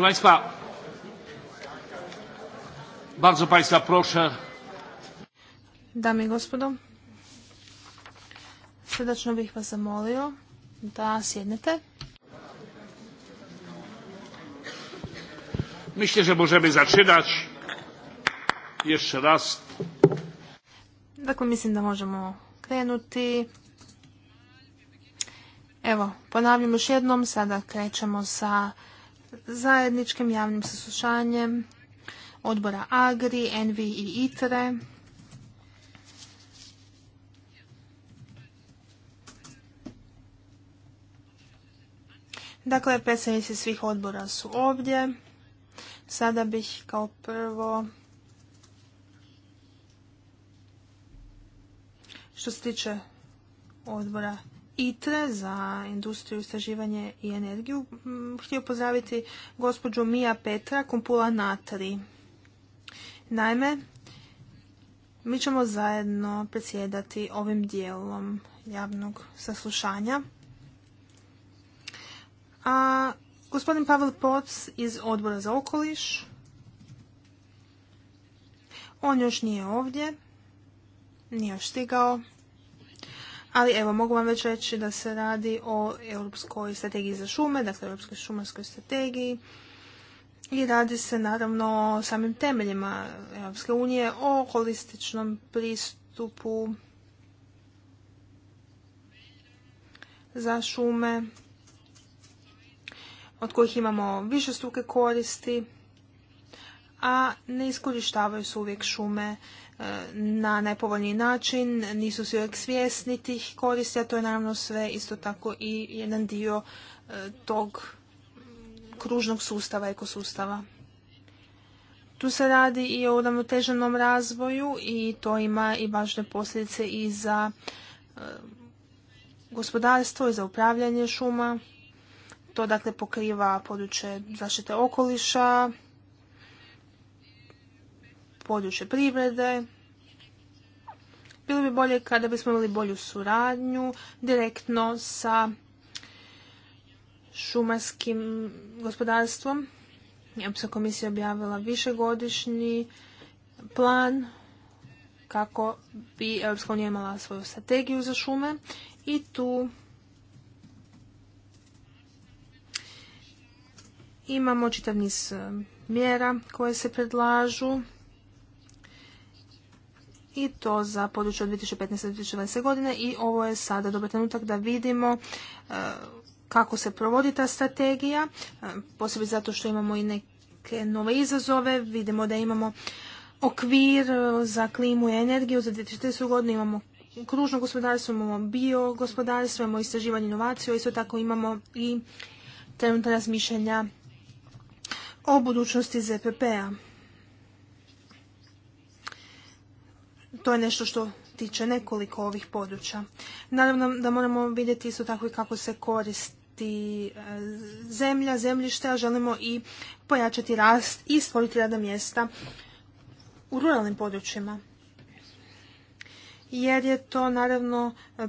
Proszę Państwa, bardzo Państwa proszę. Dame i gospodo, srdečno bih vas zamolio da sjednete. Myślę, że możemy zaczynać. Jeszcze raz. Dakle, mislim da možemo krenuti. Evo, ponavljam još jednom, sada krećemo sa zajedničkim javnim saslušanjem odbora Agri, Envi i ITRE. Dakle, predstavnici svih odbora su ovdje. Sada bih kao prvo što se tiče odbora ITRE za industriju, istraživanje i energiju mm, htio pozdraviti gospođu Mija Petra Kumpula Natri. Naime, mi ćemo zajedno predsjedati ovim dijelom javnog saslušanja. A gospodin Pavel Poc iz Odbora za okoliš, on još nije ovdje, nije još stigao. Ali evo, mogu vam već reći da se radi o Europskoj strategiji za šume, dakle Europskoj šumarskoj strategiji. I radi se naravno o samim temeljima Europske unije, o holističnom pristupu za šume, od kojih imamo više struke koristi, a ne iskorištavaju se uvijek šume na najpovoljniji način, nisu svi uvijek svjesni tih koristi, a to je naravno sve isto tako i jedan dio e, tog kružnog sustava, ekosustava. Tu se radi i o uravnoteženom razvoju i to ima i važne posljedice i za e, gospodarstvo i za upravljanje šuma. To dakle pokriva područje zaštite okoliša, područje privrede, bilo bi bolje kada bismo imali bolju suradnju direktno sa šumarskim gospodarstvom. Europska komisija objavila višegodišnji plan kako bi Europska unija imala svoju strategiju za šume i tu imamo čitav niz eh, mjera koje se predlažu i to za područje od 2015-2020 godine i ovo je sada dobar trenutak da vidimo e, kako se provodi ta strategija, e, posebno zato što imamo i neke nove izazove, vidimo da imamo okvir e, za klimu i energiju za 2030. godinu, imamo kružno gospodarstvo, imamo bio gospodarstvo, imamo istraživanje inovaciju, isto tako imamo i trenutna razmišljanja o budućnosti ZPP-a. to je nešto što tiče nekoliko ovih područja. Naravno da moramo vidjeti isto tako i kako se koristi e, zemlja, zemljište, a želimo i pojačati rast i stvoriti rada mjesta u ruralnim područjima. Jer je to naravno e,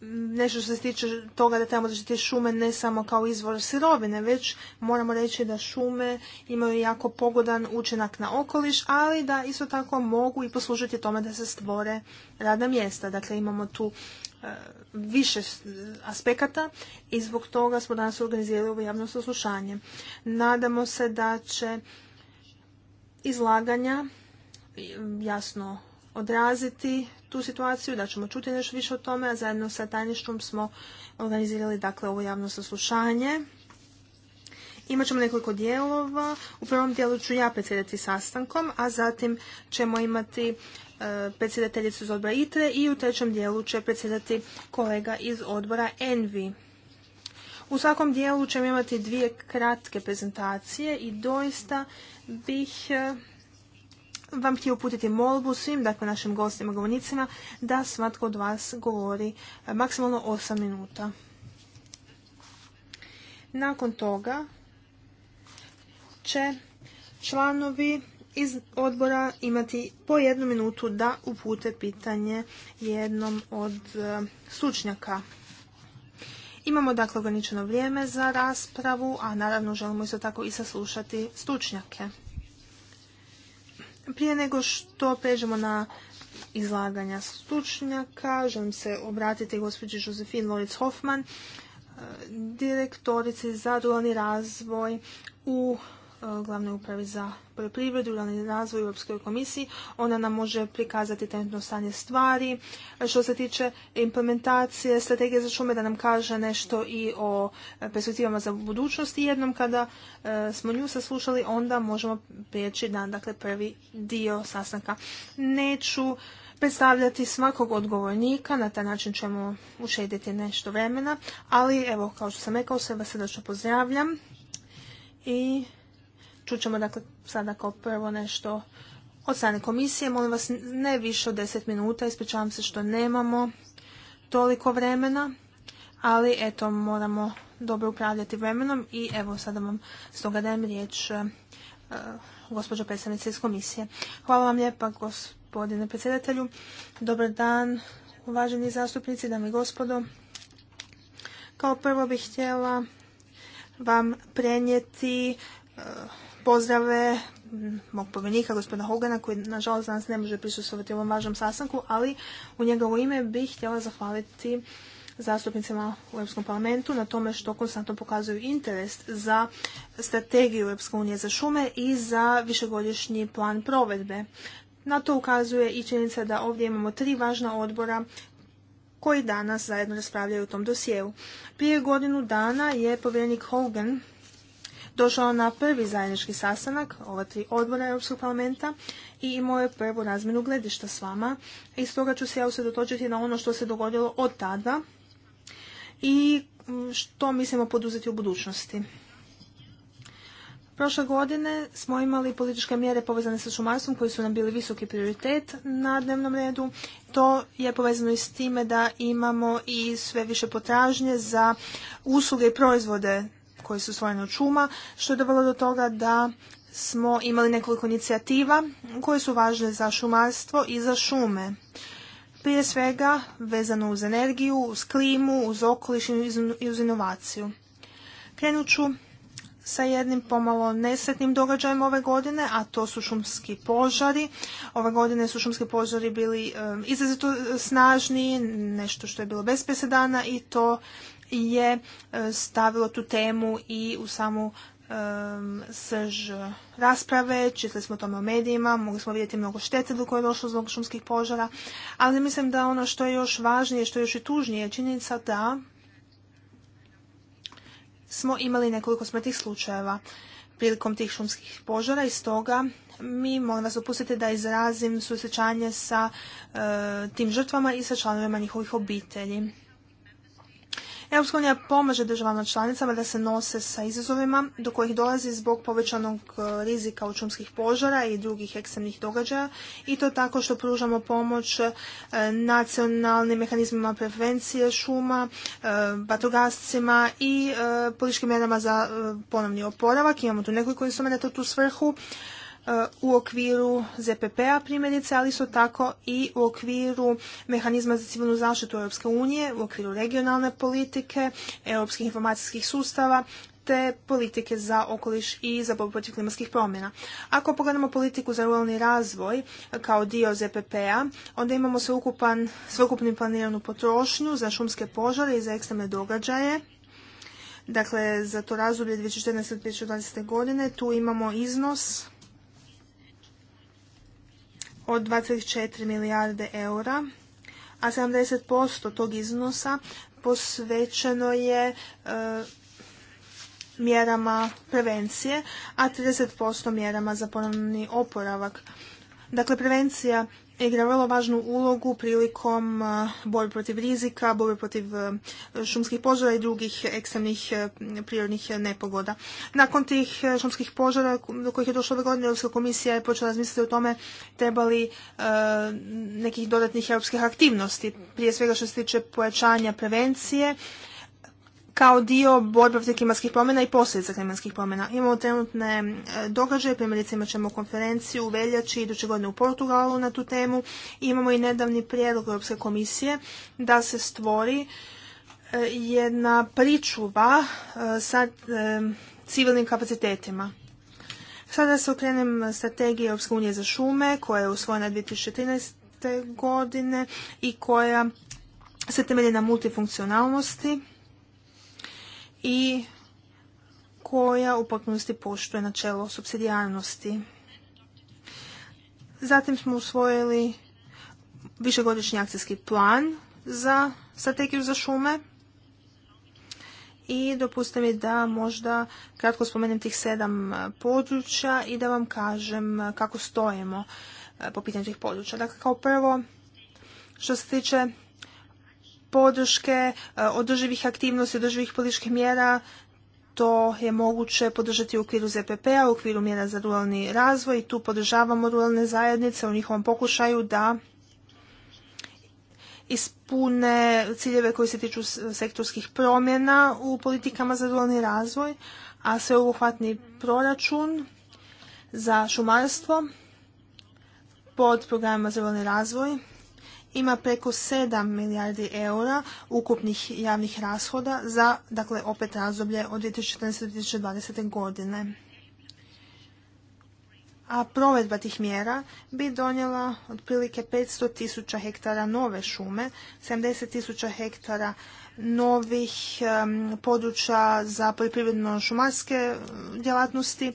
nešto što se tiče toga da trebamo zaštiti šume ne samo kao izvor sirovine, već moramo reći da šume imaju jako pogodan učinak na okoliš, ali da isto tako mogu i poslužiti tome da se stvore radna mjesta. Dakle, imamo tu e, više aspekata i zbog toga smo danas organizirali ovo javno slušanje. Nadamo se da će izlaganja jasno odraziti tu situaciju, da ćemo čuti nešto više o tome, a zajedno sa tajništvom smo organizirali dakle ovo javno saslušanje. Imaćemo nekoliko dijelova. U prvom dijelu ću ja predsjedati sastankom, a zatim ćemo imati e, predsjedateljicu iz odbora ITRE i u trećem dijelu će predsjedati kolega iz odbora ENVI. U svakom dijelu ćemo imati dvije kratke prezentacije i doista bih e, vam htio uputiti molbu svim dakle, našim gostima, govornicima, da svatko od vas govori e, maksimalno 8 minuta. Nakon toga će članovi iz odbora imati po jednu minutu da upute pitanje jednom od e, stručnjaka. Imamo dakle ograničeno vrijeme za raspravu, a naravno želimo isto tako i saslušati stručnjake. Prije nego što pređemo na izlaganja stručnjaka, želim se obratiti gospođi Josefin Loritz Hoffman, eh, direktorici za ruralni razvoj u Eh, glavnoj upravi za poljoprivredu, ruralni razvoj u Europskoj komisiji. Ona nam može prikazati trenutno stanje stvari. Što se tiče implementacije strategije za šume, da nam kaže nešto i o eh, perspektivama za budućnost. I jednom kada eh, smo nju saslušali, onda možemo prijeći na dakle, prvi dio sastanka. Neću predstavljati svakog odgovornika, na taj način ćemo ušediti nešto vremena, ali evo, kao što sam rekao, sve vas srdečno pozdravljam i Čućemo dakle sada kao prvo nešto od strane komisije. Molim vas ne više od deset minuta, ispričavam se što nemamo toliko vremena, ali eto moramo dobro upravljati vremenom i evo sada vam stoga dajem riječ e, e, gospođo predstavnice iz komisije. Hvala vam lijepa gospodine predsjedatelju. Dobar dan uvaženi zastupnici, dame i gospodo. Kao prvo bih htjela vam prenijeti e, pozdrave mog povjenika, gospodina Hogana, koji nažalost danas ne može prisustovati ovom važnom sastanku, ali u njegovo ime bih htjela zahvaliti zastupnicima u Europskom parlamentu na tome što konstantno pokazuju interes za strategiju Europske unije za šume i za višegodišnji plan provedbe. Na to ukazuje i činjenica da ovdje imamo tri važna odbora koji danas zajedno raspravljaju u tom dosjeu. Prije godinu dana je povjerenik Hogan došao na prvi zajednički sastanak ova tri odbora Europskog parlamenta i imao je prvu razmjenu gledišta s vama. I stoga ću se ja usredotočiti na ono što se dogodilo od tada i mm, što mislimo poduzeti u budućnosti. Prošle godine smo imali političke mjere povezane sa šumarstvom koji su nam bili visoki prioritet na dnevnom redu. To je povezano i s time da imamo i sve više potražnje za usluge i proizvode koje su svojene od šuma, što je dovelo do toga da smo imali nekoliko inicijativa koje su važne za šumarstvo i za šume. Prije svega vezano uz energiju, uz klimu, uz okoliš i uz inovaciju. Krenut ću sa jednim pomalo nesretnim događajem ove godine, a to su šumski požari. Ove godine su šumski požari bili izrazito snažni, nešto što je bilo bez presedana i to je e, stavilo tu temu i u samu um, srž rasprave, čitali smo tome u medijima, mogli smo vidjeti mnogo štete do koje je došlo zbog šumskih požara, ali mislim da ono što je još važnije, što je još i tužnije je činjenica da smo imali nekoliko smrtnih slučajeva prilikom tih šumskih požara i stoga mi molim vas dopustiti da izrazim susjećanje sa e, tim žrtvama i sa članovima njihovih obitelji. Europska pomaže državama članicama da se nose sa izazovima do kojih dolazi zbog povećanog e, rizika od šumskih požara i drugih ekstremnih događaja i to tako što pružamo pomoć e, nacionalnim mehanizmima prevencije šuma, e, vatrogascima i političkim mjerama za ponovni oporavak. Imamo tu nekoliko instrumenta u tu svrhu Eh, u okviru ZPP-a primjerice, ali su tako i u okviru mehanizma za civilnu zaštitu Europske unije, u okviru regionalne politike, europskih informacijskih sustava, te politike za okoliš i za borbu protiv klimatskih promjena. Ako pogledamo politiku za ruralni razvoj eh, kao dio ZPP-a, onda imamo sveukupan, sveukupnu planiranu potrošnju za šumske požare i za ekstremne događaje. Dakle, za to razdoblje 2014-2020. godine tu imamo iznos od 24 milijarde eura, a 70% tog iznosa posvećeno je e, mjerama prevencije, a 30% mjerama za ponovni oporavak. Dakle, prevencija igra vrlo važnu ulogu prilikom eh, borbe protiv rizika, borbe protiv eh, šumskih požara i drugih ekstremnih eh, prirodnih nepogoda. Nakon tih šumskih požara do kojih je došlo ove godine, Europska komisija je počela razmisliti o tome treba nekih dodatnih europskih aktivnosti, prije svega što se tiče pojačanja prevencije kao dio borbe protiv klimatskih promjena i posljedica klimatskih promjena. Imamo trenutne e, događaje, primjerice imat ćemo konferenciju u veljači iduće godine u Portugalu na tu temu. Imamo i nedavni prijedlog Europske komisije da se stvori e, jedna pričuva e, sa civilnim kapacitetima. Sada se okrenem strategije Europske unije za šume koja je usvojena 2013. godine i koja se temelji na multifunkcionalnosti i koja u potpunosti poštuje načelo subsidijarnosti. Zatim smo usvojili višegodišnji akcijski plan za strategiju za šume i dopustite mi da možda kratko spomenem tih sedam e, područja i da vam kažem e, kako stojimo e, po pitanju tih područja. Dakle, kao prvo, što se tiče podrške, e, održivih aktivnosti, održivih političkih mjera, to je moguće podržati u okviru ZPP-a, u okviru mjera za ruralni razvoj i tu podržavamo ruralne zajednice u njihovom pokušaju da ispune ciljeve koji se tiču sektorskih promjena u politikama za ruralni razvoj, a sveobuhvatni proračun za šumarstvo pod programima za ruralni razvoj ima preko 7 milijardi eura ukupnih javnih rashoda za, dakle, opet razdoblje od 2014. do 2020. godine. A provedba tih mjera bi donijela otprilike 500 tisuća hektara nove šume, 70 tisuća hektara novih područja za poljoprivredno-šumarske djelatnosti,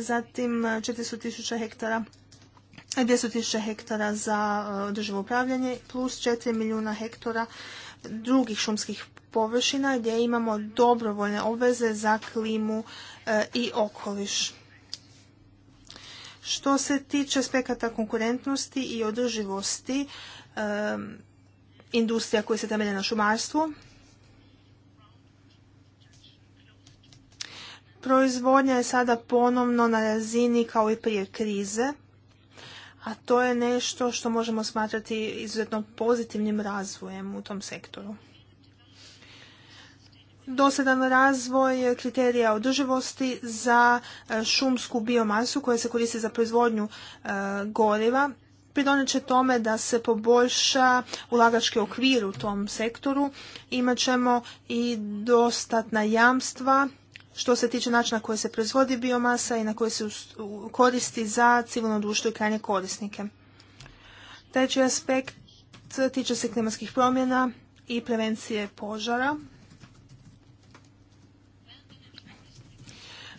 zatim 400 tisuća hektara 200.000 hektara za e, održivo upravljanje plus 4 milijuna hektara drugih šumskih površina gdje imamo dobrovoljne obveze za klimu e, i okoliš. Što se tiče aspekata konkurentnosti i održivosti e, industrija koja se temelje na šumarstvu, proizvodnja je sada ponovno na razini kao i prije krize – a to je nešto što možemo smatrati izuzetno pozitivnim razvojem u tom sektoru. Dosadan razvoj kriterija održivosti za e, šumsku biomasu koja se koristi za proizvodnju e, goriva pridonit će tome da se poboljša ulagački okvir u tom sektoru. Imaćemo i dostatna jamstva što se tiče načina koje se proizvodi biomasa i na koje se koristi za civilno društvo i krajnje korisnike. Treći aspekt tiče se klimatskih promjena i prevencije požara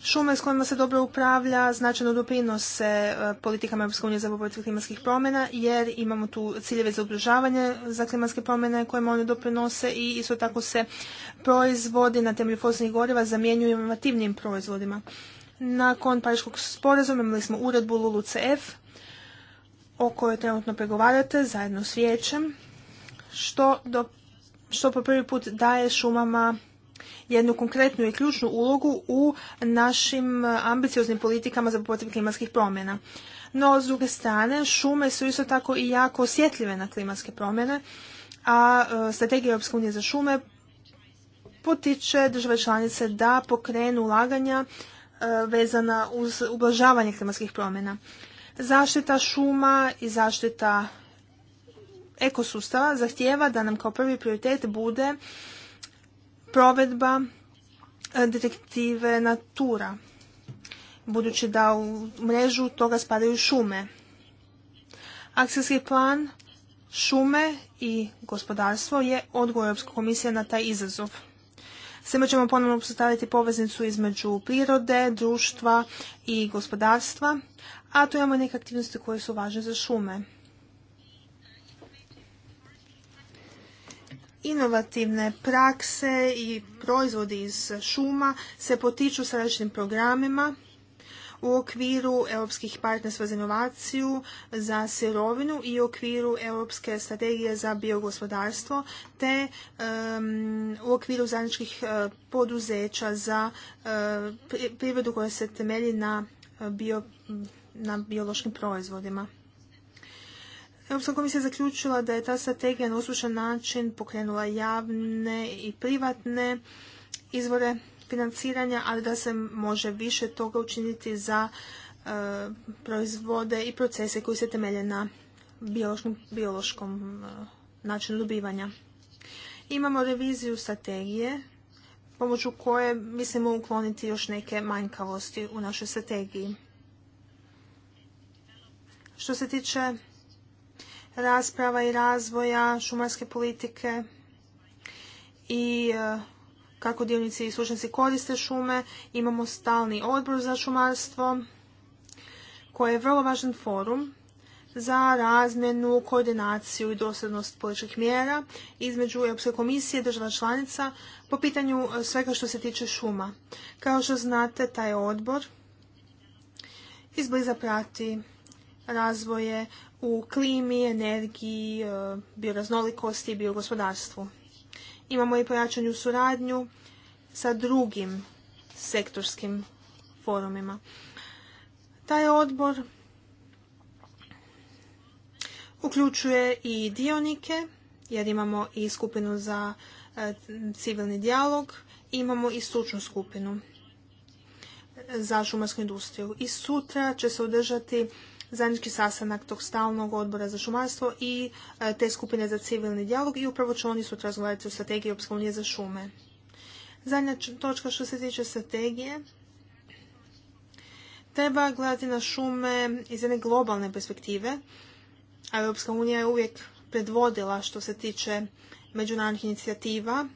Šume s kojima se dobro upravlja značajno doprinose e, politikama Europske unije za borbu klimatskih promjena jer imamo tu ciljeve za ublažavanje za klimatske promjene kojima one doprinose i isto tako se proizvodi na temelju fosilnih goriva zamjenjuju inovativnim proizvodima. Nakon Pariškog sporazuma imali smo uredbu LULUCF o kojoj trenutno pregovarate zajedno s vijećem što po prvi put daje šumama jednu konkretnu i ključnu ulogu u našim ambicioznim politikama za potrebe klimatskih promjena. No, s druge strane, šume su isto tako i jako osjetljive na klimatske promjene, a e, strategija Europske unije za šume potiče države članice da pokrenu ulaganja e, vezana uz ublažavanje klimatskih promjena. Zaštita šuma i zaštita ekosustava zahtjeva da nam kao prvi prioritet bude provedba e, detektive Natura, budući da u mrežu toga spadaju šume. Akcijski plan šume i gospodarstvo je odgovor Europske komisije na taj izazov. Svima ćemo ponovno postaviti poveznicu između prirode, društva i gospodarstva, a tu imamo neke aktivnosti koje su važne za šume. inovativne prakse i proizvodi iz šuma se potiču s različitim programima u okviru europskih partnerstva za inovaciju za sirovinu i u okviru europske strategije za biogospodarstvo te u okviru zajedničkih e, poduzeća za uh, privredu koja se temelji na, e, bio, na biološkim proizvodima. Europska komisija zaključila da je ta strategija na uslušan način pokrenula javne i privatne izvore financiranja, ali da se može više toga učiniti za e, proizvode i procese koji se temelje na biološkom, e, načinu dobivanja. Imamo reviziju strategije pomoću koje mislimo ukloniti još neke manjkavosti u našoj strategiji. Što se tiče rasprava i razvoja šumarske politike i e, kako dionici i slučnici koriste šume. Imamo stalni odbor za šumarstvo koji je vrlo važan forum za razmjenu, koordinaciju i dosljednost političkih mjera između Europske komisije i država članica po pitanju e, svega što se tiče šuma. Kao što znate, taj odbor izbliza prati razvoje u klimi, energiji, e, bioraznolikosti i biogospodarstvu. Imamo i pojačanju suradnju sa drugim sektorskim forumima. Taj odbor uključuje i dionike, jer imamo i skupinu za e, civilni dijalog, imamo i stručnu skupinu za šumarsku industriju. I sutra će se održati zajednički sastanak tog stalnog odbora za šumarstvo i e, te skupine za civilni dijalog i upravo će oni sutra razgovarati o strategiji Europske unije za šume. Zadnja točka što se tiče strategije treba gledati na šume iz jedne globalne perspektive, a Europska unija je uvijek predvodila što se tiče međunarodnih inicijativa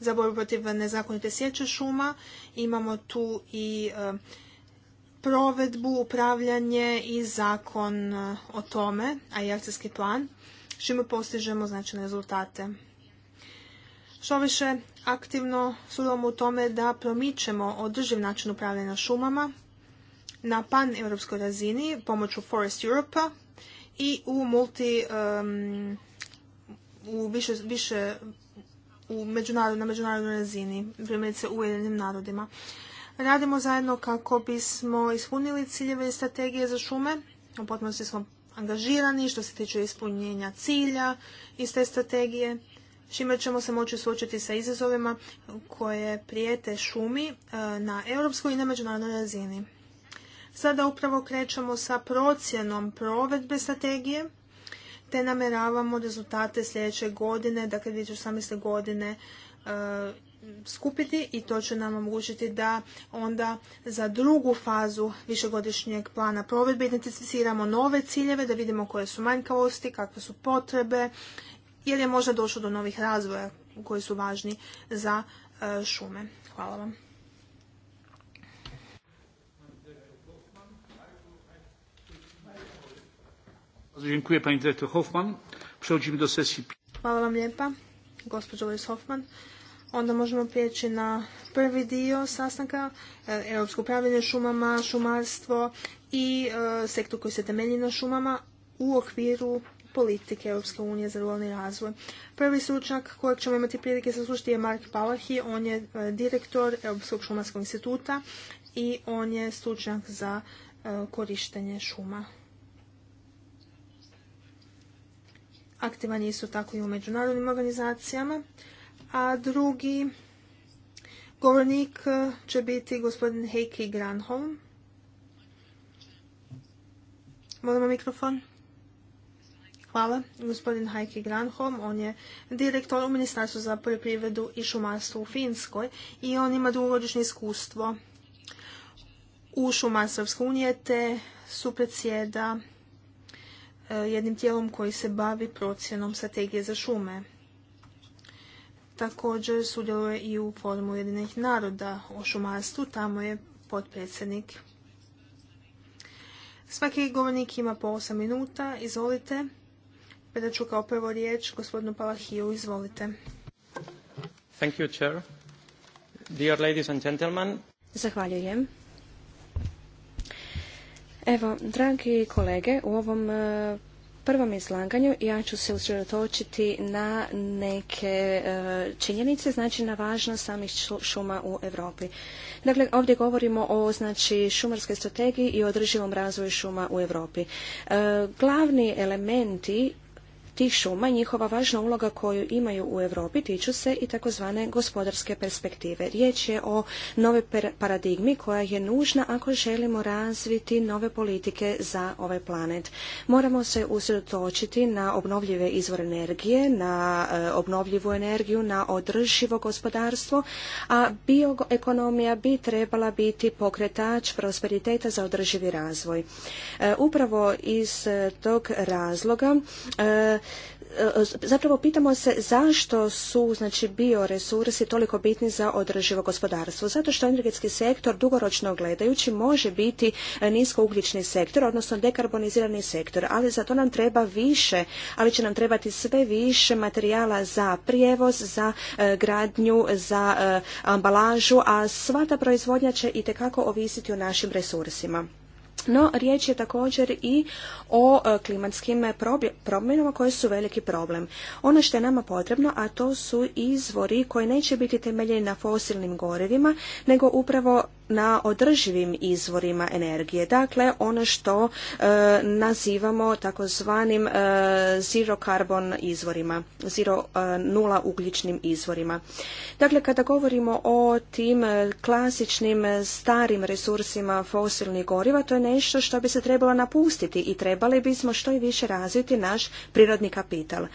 za borbu protiv nezakonite sjeće šuma. Imamo tu i e, provedbu, upravljanje i zakon eh, o tome, a i akcijski plan, s čime postižemo značajne rezultate. Što više, aktivno sudjelujemo u tome da promičemo održiv način upravljanja šumama na pan-europskoj razini pomoću Forest Europa i u multi u više, na međunarodnoj razini, primjerice u Ujedinim narodima. Radimo zajedno kako bismo ispunili ciljeve i strategije za šume. U potpunosti smo angažirani što se tiče ispunjenja cilja iz te strategije čime ćemo se moći suočiti sa izazovima koje prijete šumi eh, na europskoj i na međunarodnoj razini. Sada upravo krećemo sa procjenom provedbe strategije, te nameravamo rezultate sljedeće godine, dakle 2018. godine, eh, skupiti i to će nam omogućiti da onda za drugu fazu višegodišnjeg plana provedbe identificiramo nove ciljeve, da vidimo koje su manjkavosti, kakve su potrebe, jer je možda došlo do novih razvoja koji su važni za e, šume. Hvala vam. do Hvala vam lijepa, gospođo Hoffman. Onda možemo prijeći na prvi dio sastanka, e, europsko upravljanje šumama, šumarstvo i e, sektor koji se temelji na šumama u okviru politike Europske unije za ruralni razvoj. Prvi stručnjak kojeg ćemo imati prilike saslušati je Mark Palahi, on je e, direktor Europskog šumarskog instituta i on je stručnjak za korištenje šuma. Aktivan je isto tako i u međunarodnim organizacijama a drugi govornik eh, će biti gospodin Heikki Granholm. Molimo mikrofon. Hvala. Gospodin Heikki Granholm, on je direktor u Ministarstvu za poljoprivredu i šumarstvo u Finskoj i on ima dugogodišnje iskustvo u šumarstvu unije te su predsjeda eh, jednim tijelom koji se bavi procjenom strategije za šume također sudjeluje i u forumu Jedinih naroda o šumarstvu, tamo je potpredsjednik. Svaki govornik ima po 8 minuta, izvolite. Predat ću kao prvo riječ gospodinu Palahiju, izvolite. Thank you, chair. Dear ladies and gentlemen. Zahvaljujem. Evo, dragi kolege, u ovom prvom izlaganju ja ću se usredotočiti na neke e, činjenice, znači na važnost samih šuma u Europi. Dakle, ovdje govorimo o znači šumarskoj strategiji i održivom razvoju šuma u Europi. E, glavni elementi tih šuma i njihova važna uloga koju imaju u Europi tiču se i takozvane gospodarske perspektive. Riječ je o nove paradigmi koja je nužna ako želimo razviti nove politike za ovaj planet. Moramo se usredotočiti na obnovljive izvore energije, na e, obnovljivu energiju, na održivo gospodarstvo, a bioekonomija bi trebala biti pokretač prosperiteta za održivi razvoj. E, upravo iz tog razloga e, E, zapravo pitamo se zašto su znači bioresursi toliko bitni za održivo gospodarstvo. Zato što energetski sektor dugoročno gledajući može biti e, niskougljični sektor, odnosno dekarbonizirani sektor, ali za to nam treba više, ali će nam trebati sve više materijala za prijevoz, za e, gradnju, za ambalažu, a sva ta proizvodnja će i ovisiti o našim resursima. No, riječ je također i o e, klimatskim promjenama koje su veliki problem. Ono što je nama potrebno, a to su izvori koji neće biti temeljeni na fosilnim gorivima, nego upravo na održivim izvorima energije. Dakle, ono što e, nazivamo takozvanim e, zero carbon izvorima, zero e, nula ugljičnim izvorima. Dakle, kada govorimo o tim klasičnim starim resursima fosilnih goriva, to je nešto što bi se trebalo napustiti i trebali bismo što i više razviti naš prirodni kapital.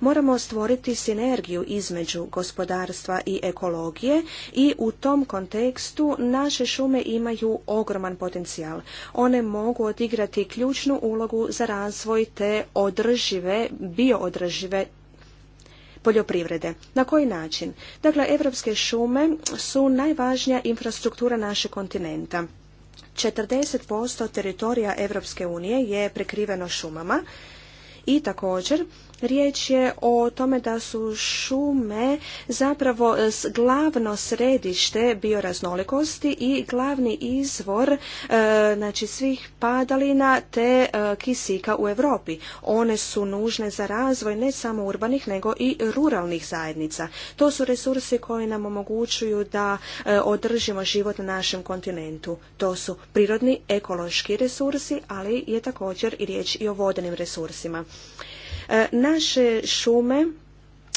Moramo stvoriti sinergiju između gospodarstva i ekologije i u tom kontekstu naše šume imaju ogroman potencijal. One mogu odigrati ključnu ulogu za razvoj te održive, bioodržive poljoprivrede. Na koji način? Dakle, evropske šume su najvažnija infrastruktura našeg kontinenta. 40% teritorija Europske unije je prekriveno šumama i također Riječ je o tome da su šume zapravo glavno središte bioraznolikosti i glavni izvor e, znači svih padalina te e, kisika u Europi. One su nužne za razvoj ne samo urbanih nego i ruralnih zajednica. To su resursi koji nam omogućuju da e, održimo život na našem kontinentu. To su prirodni ekološki resursi, ali je također i riječ i o vodenim resursima. E, naše šume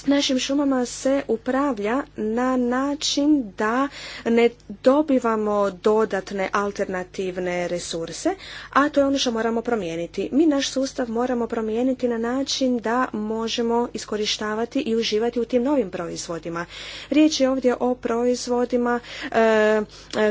našim šumama se upravlja na način da ne dobivamo dodatne alternativne resurse, a to je ono što moramo promijeniti. Mi naš sustav moramo promijeniti na način da možemo iskorištavati i uživati u tim novim proizvodima. Riječ je ovdje o proizvodima e, e,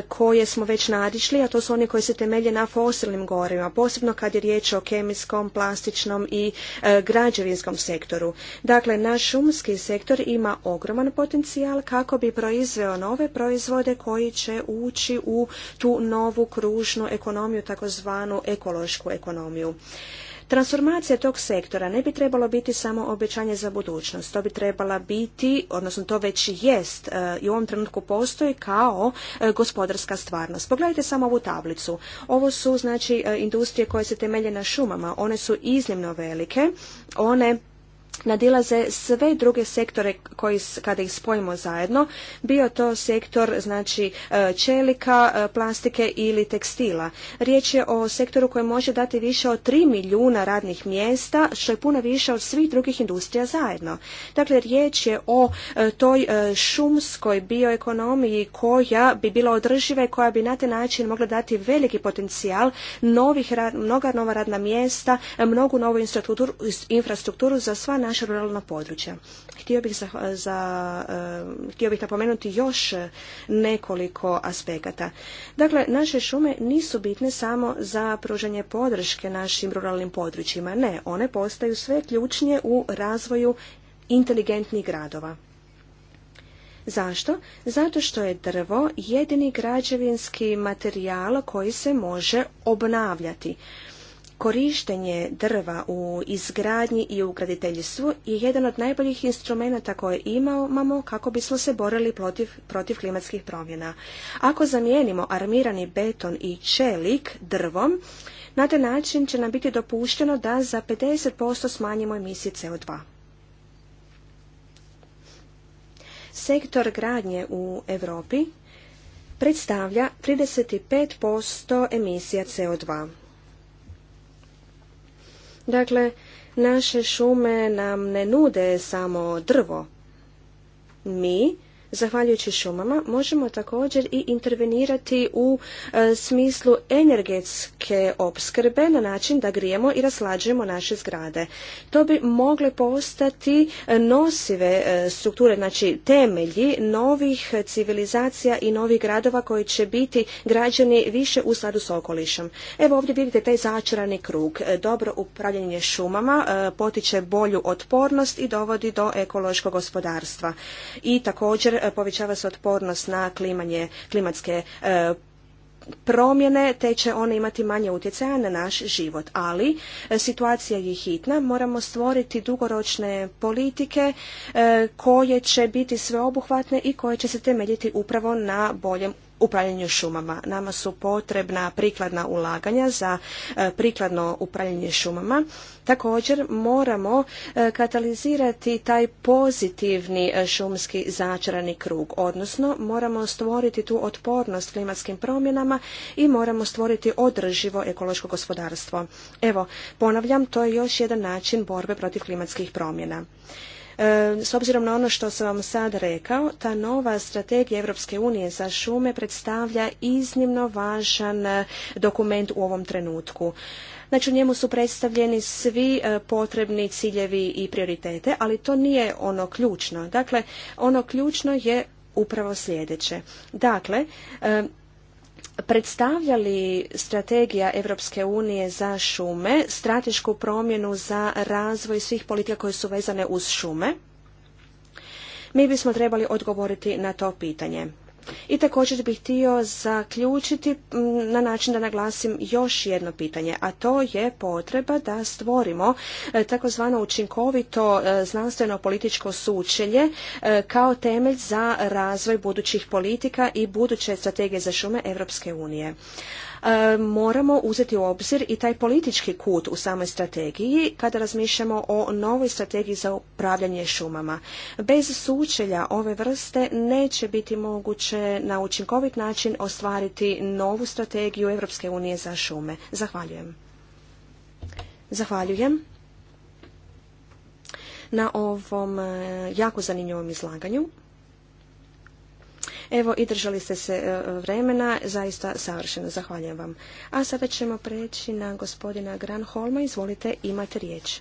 koje smo već nadišli, a to su oni koji se temelje na fosilnim gorima, posebno kad je riječ o kemijskom, plastičnom i e, građevinskom sektoru. Dakle, naš šum Hrvatski sektor ima ogroman potencijal kako bi proizveo nove proizvode koji će ući u tu novu kružnu ekonomiju, takozvanu ekološku ekonomiju. Transformacija tog sektora ne bi trebalo biti samo obećanje za budućnost, to bi trebala biti, odnosno to već jest e, i u ovom trenutku postoji kao e, gospodarska stvarnost. Pogledajte samo ovu tablicu. Ovo su znači e, industrije koje se temelje na šumama, one su iznimno velike, one nadilaze sve druge sektore koji kada ih spojimo zajedno, bio to sektor znači e, čelika, e, plastike ili tekstila. Riječ je o sektoru koji može dati više od 3 milijuna radnih mjesta, što je puno više od svih drugih industrija zajedno. Dakle, riječ je o e, toj šumskoj bioekonomiji koja bi bila održiva i koja bi na taj način mogla dati veliki potencijal novih, mnoga nova radna mjesta, mnogu novu infrastrukturu za sva naša ruralna područja. Htio bih, za, za, eh, htio bih napomenuti još nekoliko aspekata. Dakle, naše šume nisu bitne samo za pružanje podrške našim ruralnim područjima. Ne, one postaju sve ključnije u razvoju inteligentnih gradova. Zašto? Zato što je drvo jedini građevinski materijal koji se može obnavljati. Korištenje drva u izgradnji i u graditeljstvu je jedan od najboljih instrumenta koje imamo kako bismo se borili protiv, protiv klimatskih promjena. Ako zamijenimo armirani beton i čelik drvom, na taj način će nam biti dopušteno da za 50% smanjimo emisije CO2. Sektor gradnje u Europi predstavlja 35% emisija CO2. Dakle, naše šume nam ne nude samo drvo. Mi zahvaljujući šumama možemo također i intervenirati u e, smislu energetske opskrbe na način da grijemo i raslađujemo naše zgrade. To bi mogle postati e, nosive e, strukture, znači temelji novih civilizacija i novih gradova koji će biti građani više u skladu s okolišom. Evo ovdje vidite taj začarani krug. Dobro upravljanje šumama potiče bolju otpornost i dovodi do ekološkog gospodarstva. I također E, povećava se otpornost na klimanje, klimatske e, promjene te će one imati manje utjecaja na naš život. Ali e, situacija je hitna, moramo stvoriti dugoročne politike koje će biti sveobuhvatne i koje će se temeljiti upravo na boljem upravljanju šumama. Nama su potrebna prikladna ulaganja za e, prikladno upravljanje šumama. Također moramo e, katalizirati taj pozitivni e, šumski začarani krug, odnosno moramo stvoriti tu otpornost klimatskim promjenama i moramo stvoriti održivo ekološko gospodarstvo. Evo, ponavljam, to je još jedan način borbe protiv klimatskih promjena. E, s obzirom na ono što sam vam sad rekao, ta nova strategija Europske unije za šume predstavlja iznimno važan e, dokument u ovom trenutku. Znači u njemu su predstavljeni svi e, potrebni ciljevi i prioritete, ali to nije ono ključno. Dakle, ono ključno je upravo sljedeće. Dakle, predstavljali strategija Europske unije za šume, stratešku promjenu za razvoj svih politika koje su vezane uz šume, mi bismo trebali odgovoriti na to pitanje. I također bih htio zaključiti na način da naglasim još jedno pitanje, a to je potreba da stvorimo e, takozvano učinkovito e, znanstveno-političko sučelje e, kao temelj za razvoj budućih politika i buduće strategije za šume Europske unije. E, moramo uzeti u obzir i taj politički kut u samoj strategiji kada razmišljamo o novoj strategiji za upravljanje šumama. Bez sučelja ove vrste neće biti moguće na učinkovit način ostvariti novu strategiju Europske unije za šume. Zahvaljujem. Zahvaljujem na ovom e, jako zanimljivom izlaganju. Evo i držali ste se e, vremena, zaista savršeno. Zahvaljujem vam. A sada ćemo preći na gospodina Granholma. Izvolite, imate riječ.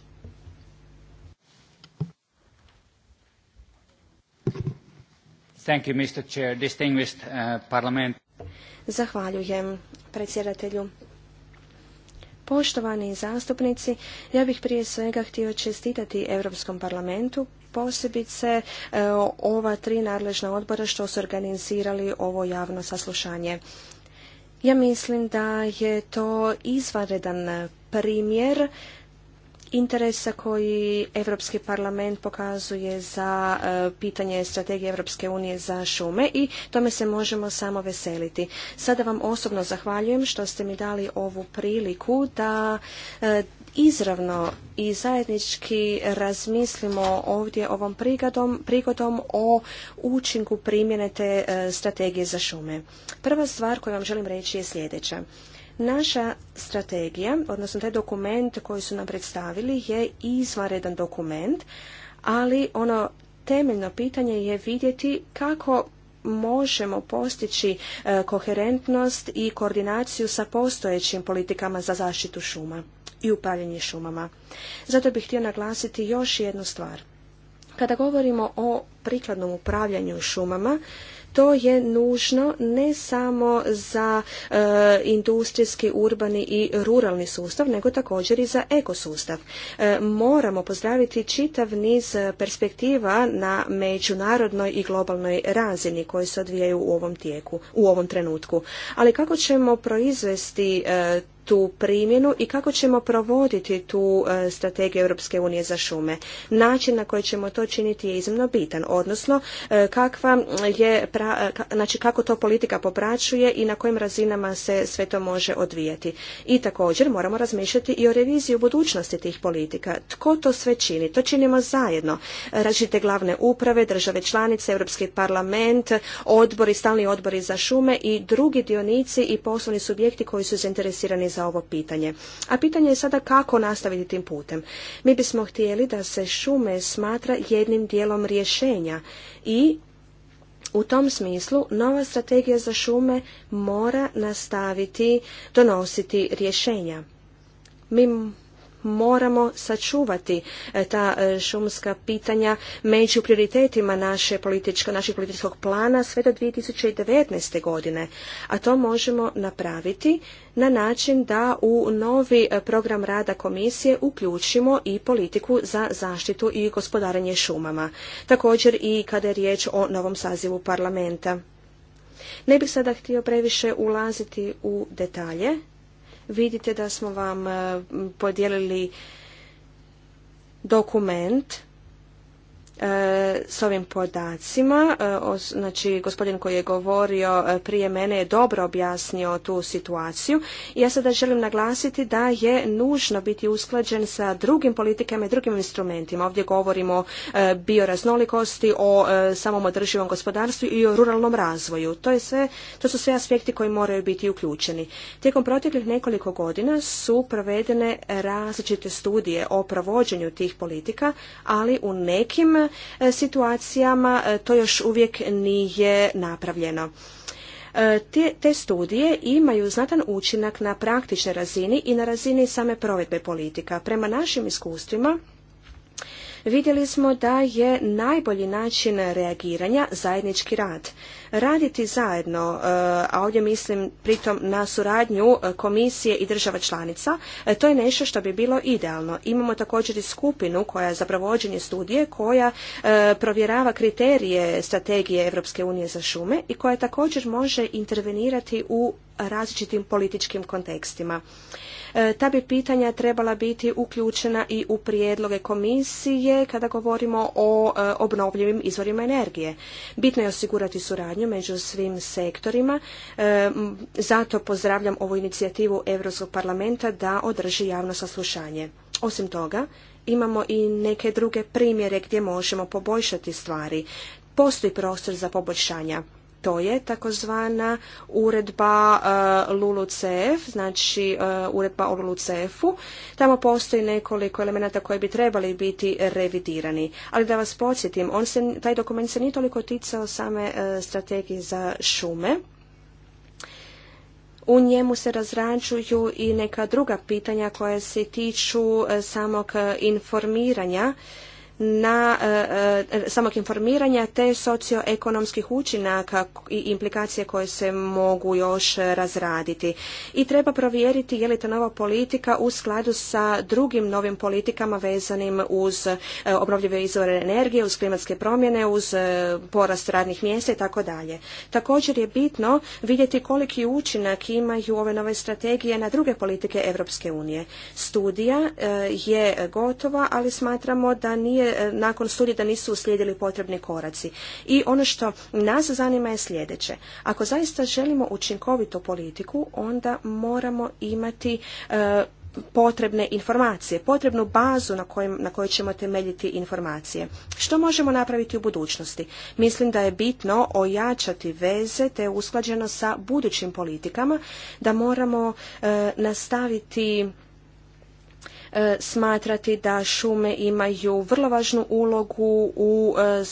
Thank you, Mr. Chair. Distinguished, uh, parliament. Zahvaljujem predsjedatelju. Poštovani zastupnici, ja bih prije svega htio čestitati Europskom parlamentu posebice e, ova tri nadležna odbora što su organizirali ovo javno saslušanje. Ja mislim da je to izvanredan primjer interesa koji Europski parlament pokazuje za e, pitanje strategije Europske unije za šume i tome se možemo samo veseliti. Sada vam osobno zahvaljujem što ste mi dali ovu priliku da e, izravno i zajednički razmislimo ovdje ovom prigodom, prigodom o učinku primjene te e, strategije za šume. Prva stvar koju vam želim reći je sljedeća. Naša strategija, odnosno taj dokument koji su nam predstavili je izvanredan dokument, ali ono temeljno pitanje je vidjeti kako možemo postići e, koherentnost i koordinaciju sa postojećim politikama za zaštitu šuma i upravljanje šumama. Zato bih htio naglasiti još jednu stvar. Kada govorimo o prikladnom upravljanju šumama, to je nužno ne samo za e, industrijski, urbani i ruralni sustav, nego također i za ekosustav. E, moramo pozdraviti čitav niz perspektiva na međunarodnoj i globalnoj razini koji se odvijaju u ovom tijeku, u ovom trenutku. Ali kako ćemo proizvesti e, tu primjenu i kako ćemo provoditi tu e, strategiju Europske unije za šume. Način na koji ćemo to činiti je iznimno bitan, odnosno e, kakva je, e, znači kako to politika popraćuje i na kojim razinama se sve to može odvijati. I također moramo razmišljati i o reviziji u budućnosti tih politika. Tko to sve čini? To činimo zajedno. Različite glavne uprave, države članice, Europski parlament, odbori, stalni odbori za šume i drugi dionici i poslovni subjekti koji su zainteresirani za za ovo pitanje. A pitanje je sada kako nastaviti tim putem. Mi bismo htjeli da se šume smatra jednim dijelom rješenja i u tom smislu nova strategija za šume mora nastaviti donositi rješenja. Mi moramo sačuvati e, ta e, šumska pitanja među prioritetima naše političko, našeg političkog plana sve do 2019. godine. A to možemo napraviti na način da u novi e, program rada komisije uključimo i politiku za zaštitu i gospodarenje šumama. Također i kada je riječ o novom sazivu parlamenta. Ne bih sada htio previše ulaziti u detalje, vidite da smo vam eh, podijelili dokument E, s ovim podacima. E, znači, gospodin koji je govorio e, prije mene je dobro objasnio tu situaciju. Ja sada želim naglasiti da je nužno biti usklađen sa drugim politikama i drugim instrumentima. Ovdje govorimo o bioraznolikosti, o samom održivom gospodarstvu i o ruralnom razvoju. To, je sve, to su sve aspekti koji moraju biti uključeni. Tijekom proteklih nekoliko godina su provedene različite studije o provođenju tih politika, ali u nekim E, situacijama e, to još uvijek nije napravljeno. E, te, te studije imaju znatan učinak na praktičnoj razini i na razini same provedbe politika. Prema našim iskustvima vidjeli smo da je najbolji način reagiranja zajednički rad. Raditi zajedno, e, a ovdje mislim pritom na suradnju e, komisije i država članica, e, to je nešto što bi bilo idealno. Imamo također i skupinu koja je za provođenje studije, koja provjerava kriterije strategije Europske unije za šume i koja također može intervenirati u različitim političkim kontekstima. E, ta bi pitanja trebala biti uključena i u prijedloge komisije kada govorimo o e, obnovljivim izvorima energije. Bitno je osigurati suradnju među svim sektorima, e, zato pozdravljam ovu inicijativu Europskog parlamenta da održi javno saslušanje. Osim toga, imamo i neke druge primjere gdje možemo poboljšati stvari. Postoji prostor za poboljšanja to je takozvana uredba e, LULUCF, znači e, uredba o LULUCF-u. Tamo postoji nekoliko elemenata koji bi trebali biti revidirani. Ali da vas podsjetim, on taj dokument se nije toliko ticao same e, strategije za šume, u njemu se razrađuju i neka druga pitanja koja se tiču samog informiranja na e, e, samog informiranja te socioekonomskih učinaka i implikacije koje se mogu još razraditi. I treba provjeriti je li ta nova politika u skladu sa drugim novim politikama vezanim uz e, obnovljive izvore energije, uz klimatske promjene, uz porast radnih mjesta i tako dalje. Također je bitno vidjeti koliki učinak imaju ove nove strategije na druge politike Europske unije. Studija je gotova, ali smatramo da nije nakon studija da nisu uslijedili potrebni koraci. I ono što nas zanima je sljedeće. Ako zaista želimo učinkovitu politiku, onda moramo imati e, potrebne informacije, potrebnu bazu na, kojoj ćemo temeljiti informacije. Što možemo napraviti u budućnosti? Mislim da je bitno ojačati veze te usklađeno sa budućim politikama, da moramo e, nastaviti E, smatrati da šume imaju vrlo važnu ulogu u e,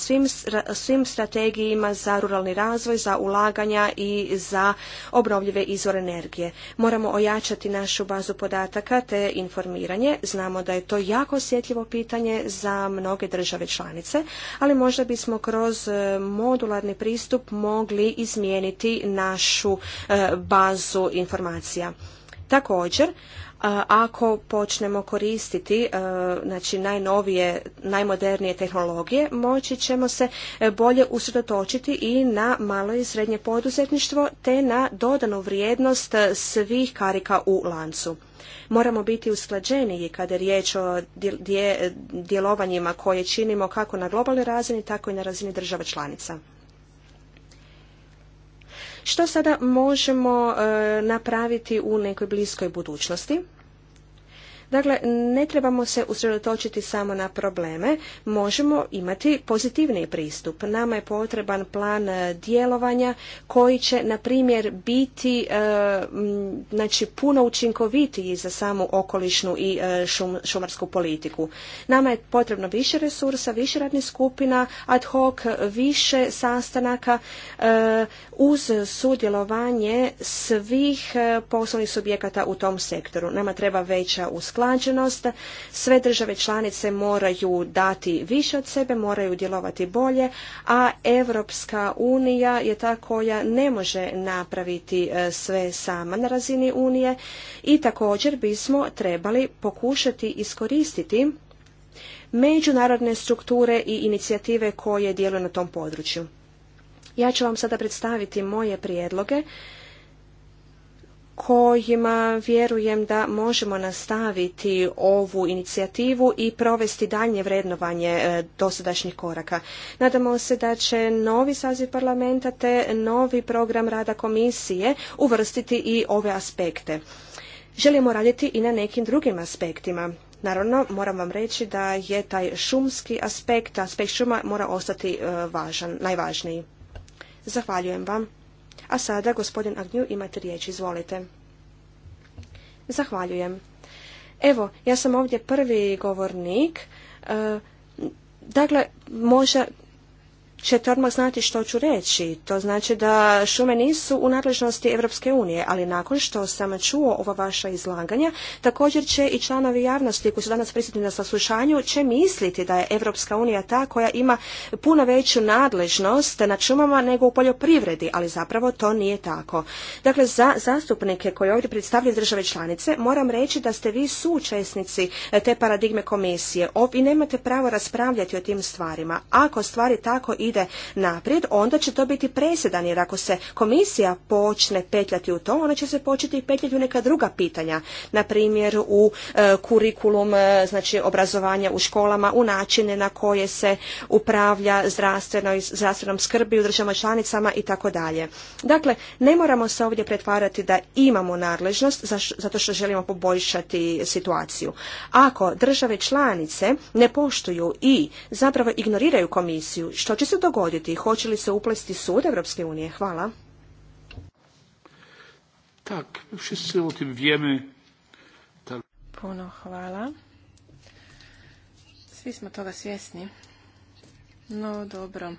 svim, strategijima za ruralni razvoj, za ulaganja i za obnovljive izvore energije. Moramo ojačati našu bazu podataka te informiranje. Znamo da je to jako osjetljivo pitanje za mnoge države članice, ali možda bismo kroz e, modularni pristup mogli izmijeniti našu bazu informacija. Također, ako počnemo koristiti e, znači najnovije, najmodernije tehnologije, moći ćemo se e, bolje usredotočiti i na malo i srednje poduzetništvo te na dodanu vrijednost e, svih karika u lancu. Moramo biti usklađeniji kada je riječ o djelovanjima koje činimo kako na globalnoj razini, tako i na razini država članica. Što sada možemo napraviti u nekoj bliskoj budućnosti? Dakle, ne trebamo se usredotočiti samo na probleme, možemo imati pozitivni pristup. Nama je potreban plan e, djelovanja koji će, na primjer, biti e, znači, puno učinkovitiji za samu okolišnu i e, šumarsku politiku. Nama je potrebno više resursa, više radnih skupina, ad hoc, više sastanaka uz sudjelovanje svih poslovnih subjekata u tom sektoru. Nama treba veća usklađenost usklađenost. Sve države članice moraju dati više od sebe, moraju djelovati bolje, a Europska unija je ta koja ne može napraviti e, sve sama na razini unije i također bismo trebali pokušati iskoristiti međunarodne strukture i inicijative koje djeluju na tom području. Ja ću vam sada predstaviti moje prijedloge kojima vjerujem da možemo nastaviti ovu inicijativu i provesti daljnje vrednovanje e, dosadašnjih koraka. Nadamo se da će novi saziv parlamenta te novi program rada komisije uvrstiti i ove aspekte. Želimo raditi i na nekim drugim aspektima. Naravno, moram vam reći da je taj šumski aspekt, aspekt šuma mora ostati e, najvažniji. Zahvaljujem vam. A sada, gospodin Agnju, imate riječ, izvolite. Zahvaljujem. Evo, ja sam ovdje prvi govornik. E, dakle, možda ćete odmah znati što ću reći. To znači da šume nisu u nadležnosti Europske unije, ali nakon što sam čuo ova vaša izlaganja, također će i članovi javnosti koji su danas prisutni na saslušanju će misliti da je Europska unija ta koja ima puno veću nadležnost na šumama nego u poljoprivredi, ali zapravo to nije tako. Dakle, za zastupnike koji ovdje predstavljaju države članice, moram reći da ste vi suučesnici e, te paradigme komisije. i nemate pravo raspravljati o tim stvarima. Ako stvari tako idu ide naprijed, onda će to biti presjedan jer ako se komisija počne petljati u to, ona će se početi petljati u neka druga pitanja. Na primjer u e, kurikulum, e, znači obrazovanja u školama, u načine na koje se upravlja zdravstvenom skrbi u državama članicama i tako dalje. Dakle, ne moramo se ovdje pretvarati da imamo nadležnost zato što želimo poboljšati situaciju. Ako države članice ne poštuju i zapravo ignoriraju komisiju, što će se dogoditi? Hoće li se uplesti sud Europske unije? Hvala. Tak, o Puno hvala. Svi smo toga svjesni. No, dobro.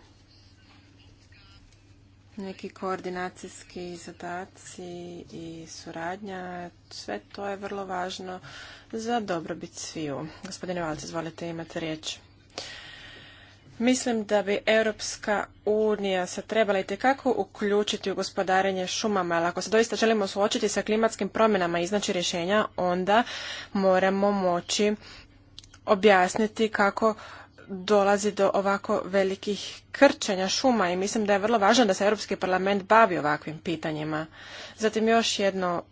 Neki koordinacijski zadaci i suradnja, sve to je vrlo važno za dobrobit sviju. Gospodine Valc, izvolite, imate riječ. Mislim da bi Europska unija se trebala itekako uključiti u gospodarenje šumama, ali ako se doista želimo suočiti sa klimatskim promjenama i iznaći rješenja, onda moramo moći objasniti kako dolazi do ovako velikih krčenja šuma i mislim da je vrlo važno da se Europski parlament bavi ovakvim pitanjima. Zatim još jedno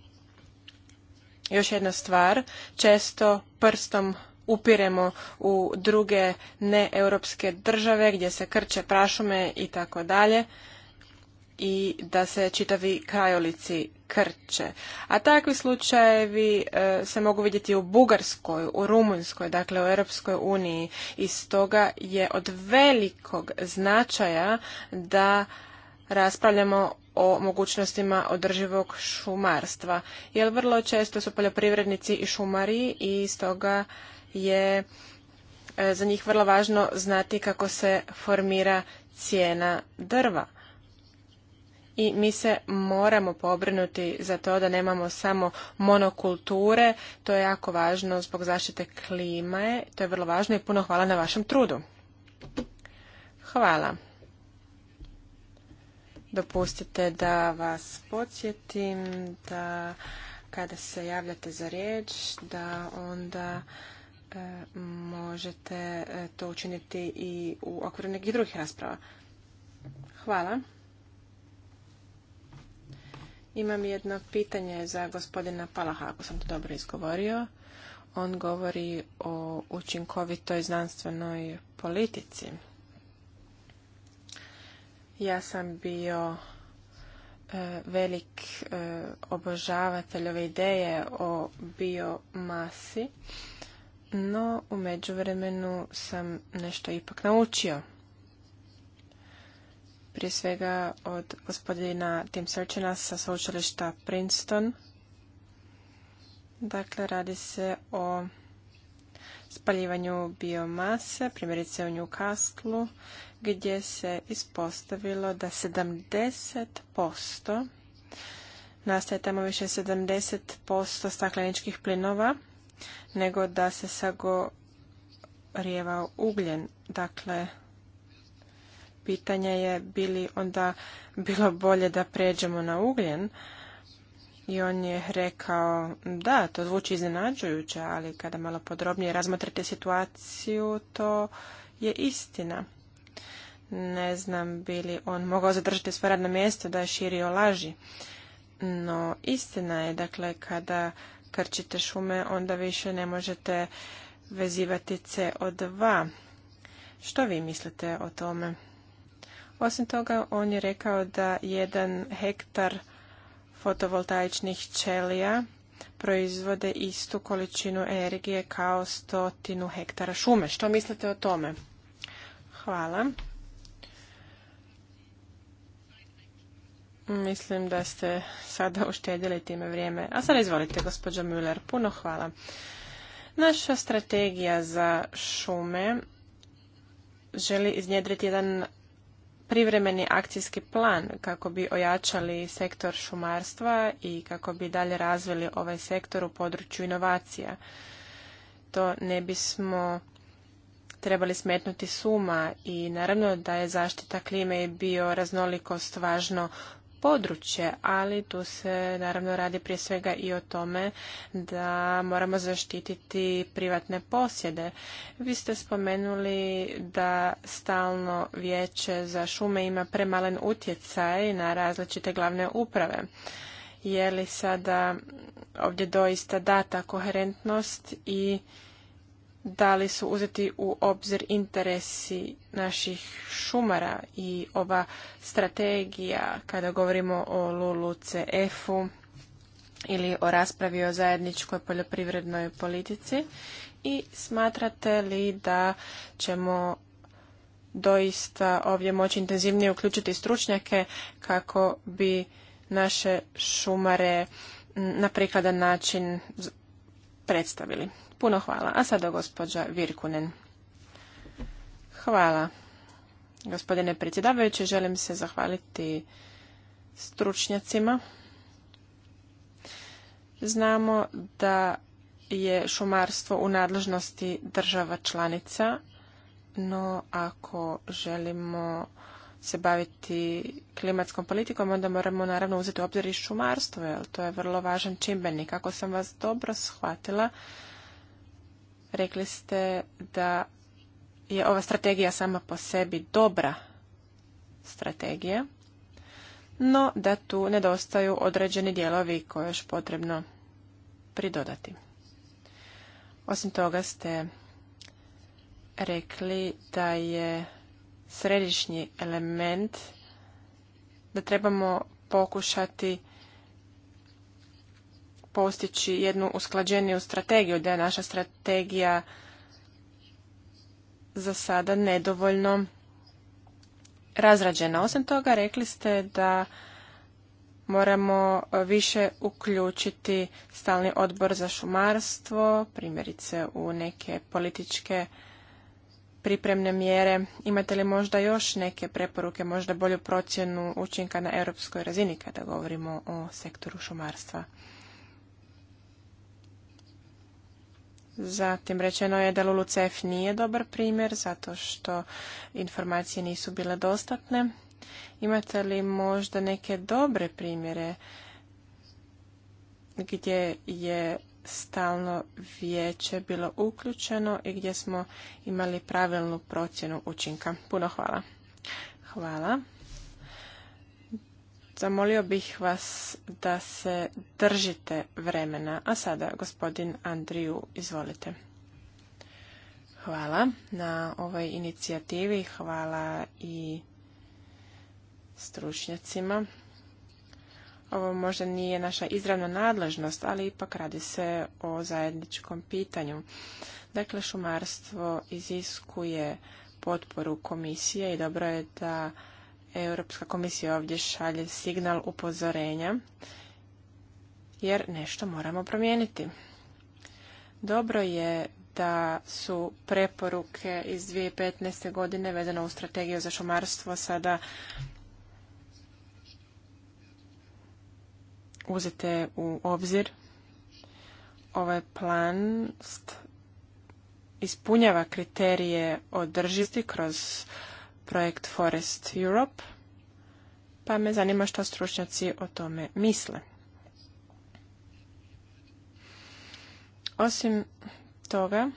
još jedna stvar, često prstom upiremo u druge neeuropske države gdje se krče prašume i tako dalje i da se čitavi krajolici krče. A takvi slučajevi e, se mogu vidjeti u Bugarskoj, u Rumunjskoj, dakle u Europskoj uniji. I stoga je od velikog značaja da raspravljamo o mogućnostima održivog šumarstva. Jer vrlo često su poljoprivrednici i šumari i stoga je e, za njih vrlo važno znati kako se formira cijena drva. I mi se moramo pobrinuti za to da nemamo samo monokulture, to je jako važno zbog zaštite klime, to je vrlo važno i puno hvala na vašem trudu. Hvala. Dopustite da vas podsjetim da kada se javljate za riječ, da onda E, možete e, to učiniti i u okviru nekih drugih rasprava. Hvala. Imam jedno pitanje za gospodina Palaha, ako sam to dobro izgovorio. On govori o učinkovitoj znanstvenoj politici. Ja sam bio e, velik obožavatelj ove ideje o biomasi no u međuvremenu sam nešto ipak naučio. Prije svega od gospodina Tim Srčena sa sveučilišta Princeton. Dakle, radi se o spaljivanju biomase, primjerice u Newcastle, gdje se ispostavilo da 70% nastaje tamo više 70% stakleničkih plinova nego da se sagorijeva ugljen. Dakle, pitanje je bili onda bilo bolje da pređemo na ugljen. I on je rekao, da, to zvuči iznenađujuće, ali kada malo podrobnije razmotrite situaciju, to je istina. Ne znam bi li on mogao zadržati svoje radno mjesto da je širio laži. No, istina je, dakle, kada krčite šume, onda više ne možete vezivati CO2. Što vi mislite o tome? Osim toga, on je rekao da jedan hektar fotovoltaičnih ćelija proizvode istu količinu energije kao stotinu hektara šume. Što mislite o tome? Hvala. Mislim da ste sada uštedili time vrijeme. A sada izvolite, gospođa Müller. Puno hvala. Naša strategija za šume želi iznjedriti jedan privremeni akcijski plan kako bi ojačali sektor šumarstva i kako bi dalje razvili ovaj sektor u području inovacija. To ne bismo trebali smetnuti suma i naravno da je zaštita klime i bioraznolikost važno područje, ali tu se naravno radi prije svega i o tome da moramo zaštititi privatne posjede. Vi ste spomenuli da stalno vijeće za šume ima premalen utjecaj na različite glavne uprave. Je li sada ovdje doista data koherentnost i da li su uzeti u obzir interesi naših šumara i ova strategija kada govorimo o cf u ili o raspravi o zajedničkoj poljoprivrednoj politici i smatrate li da ćemo doista ovdje moći intenzivnije uključiti stručnjake kako bi naše šumare na prikladan način predstavili. Puno hvala. A sada gospođa Virkunen. Hvala. Gospodine predsjedavajući, želim se zahvaliti stručnjacima. Znamo da je šumarstvo u nadležnosti država članica, no ako želimo se baviti klimatskom politikom, onda moramo naravno uzeti u obzir i šumarstvo, jer to je vrlo važan čimbenik. Ako sam vas dobro shvatila, Rekli ste da je ova strategija sama po sebi dobra strategija, no da tu nedostaju određeni dijelovi koje još potrebno pridodati. Osim toga ste rekli da je središnji element da trebamo pokušati postići jednu usklađeniju strategiju, da je naša strategija za sada nedovoljno razrađena. Osim toga, rekli ste da moramo više uključiti stalni odbor za šumarstvo, primjerice u neke političke pripremne mjere. Imate li možda još neke preporuke, možda bolju procjenu učinka na europskoj razini kada govorimo o sektoru šumarstva? Zatim rečeno je da LULUCF nije dobar primjer zato što informacije nisu bile dostatne. Imate li možda neke dobre primjere gdje je stalno vijeće bilo uključeno i gdje smo imali pravilnu procjenu učinka? Puno hvala. Hvala. Zamolio bih vas da se držite vremena. A sada gospodin Andriju, izvolite. Hvala na ovoj inicijativi, hvala i stručnjacima. Ovo možda nije naša izravna nadležnost, ali ipak radi se o zajedničkom pitanju. Dakle, šumarstvo iziskuje potporu komisije i dobro je da Europska komisija ovdje šalje signal upozorenja jer nešto moramo promijeniti. Dobro je da su preporuke iz 2015. godine vedeno u strategiju za šumarstvo sada uzete u obzir. Ovaj plan ispunjava kriterije održivosti kroz projekt Forest Europe, pa me zanima što stručnjaci o tome misle. Osim toga,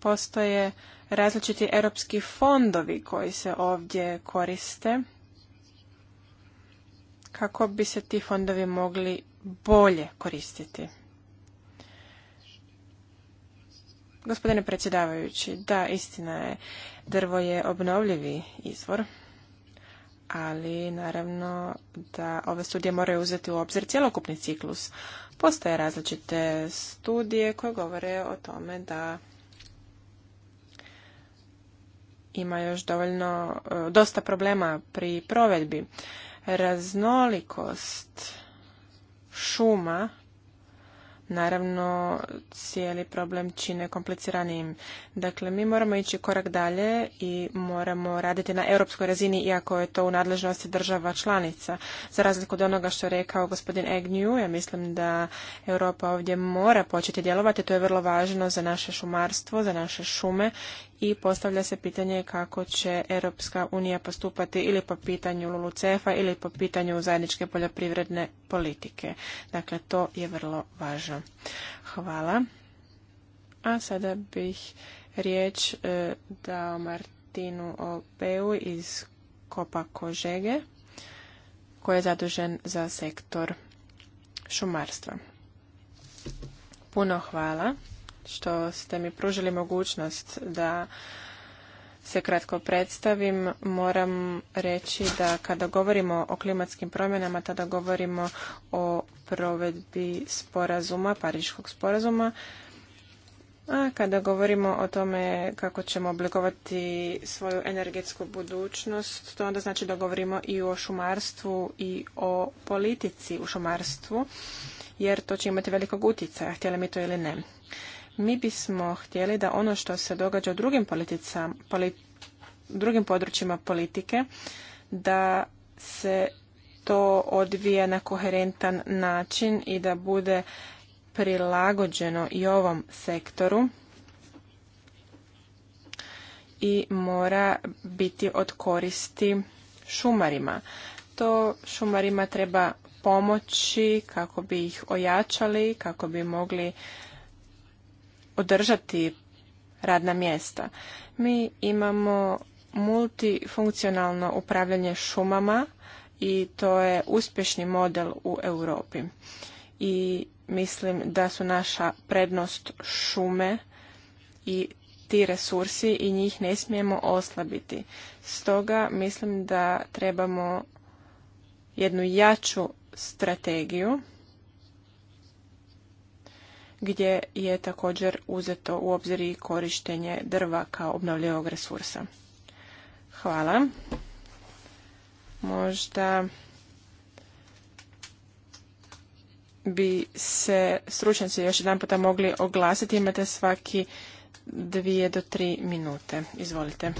postoje različiti europski fondovi koji se ovdje koriste kako bi se ti fondovi mogli bolje koristiti. Gospodine predsjedavajući, da, istina je, drvo je obnovljivi izvor, ali naravno da ove studije moraju uzeti u obzir cjelokupni ciklus. Postoje različite studije koje govore o tome da ima još dovoljno, e, dosta problema pri provedbi. Raznolikost šuma naravno cijeli problem čine kompliciranijim. Dakle, mi moramo ići korak dalje i moramo raditi na europskoj razini, iako je to u nadležnosti država članica. Za razliku od onoga što je rekao gospodin Agnew, ja mislim da Europa ovdje mora početi djelovati, to je vrlo važno za naše šumarstvo, za naše šume i postavlja se pitanje kako će Europska unija postupati ili po pitanju lulucef ili po pitanju zajedničke poljoprivredne politike. Dakle, to je vrlo važno. Hvala. A sada bih riječ e, dao Martinu Opeu iz Kopa Kožege, koji je zadužen za sektor šumarstva. Puno hvala što ste mi pružili mogućnost da se kratko predstavim, moram reći da kada govorimo o klimatskim promjenama, tada govorimo o provedbi sporazuma, Pariškog sporazuma, a kada govorimo o tome kako ćemo oblikovati svoju energetsku budućnost, to onda znači da govorimo i o šumarstvu i o politici u šumarstvu, jer to će imati velikog utjecaja, htjeli mi to ili ne. Mi bismo htjeli da ono što se događa u drugim, drugim područjima politike, da se to odvija na koherentan način i da bude prilagođeno i ovom sektoru i mora biti od koristi šumarima. To šumarima treba pomoći kako bi ih ojačali, kako bi mogli održati radna mjesta. Mi imamo multifunkcionalno upravljanje šumama i to je uspješni model u Europi. I mislim da su naša prednost šume i ti resursi i njih ne smijemo oslabiti. Stoga mislim da trebamo jednu jaču strategiju gdje je također uzeto u obzir i korištenje drva kao obnovljivog resursa. Hvala. Možda bi se stručnjaci još jedan puta mogli oglasiti. Imate svaki dvije do tri minute. Izvolite.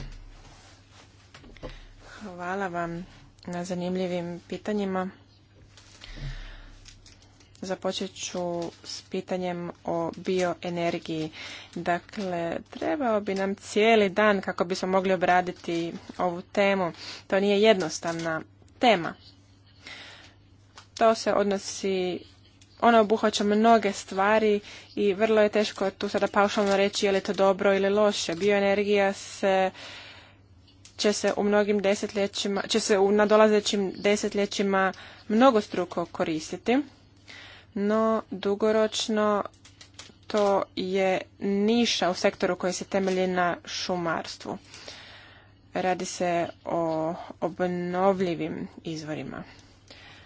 Hvala vam na zanimljivim pitanjima. Započet ću s pitanjem o bioenergiji. Dakle, trebao bi nam cijeli dan kako bismo mogli obraditi ovu temu. To nije jednostavna tema. To se odnosi ona obuhvaća mnoge stvari i vrlo je teško tu sada paušalno reći je li to dobro ili loše. Bioenergija se će se u mnogim desetljećima, će se u nadolazećim desetljećima mnogo struko koristiti no dugoročno to je niša u sektoru koji se temelji na šumarstvu. Radi se o obnovljivim izvorima.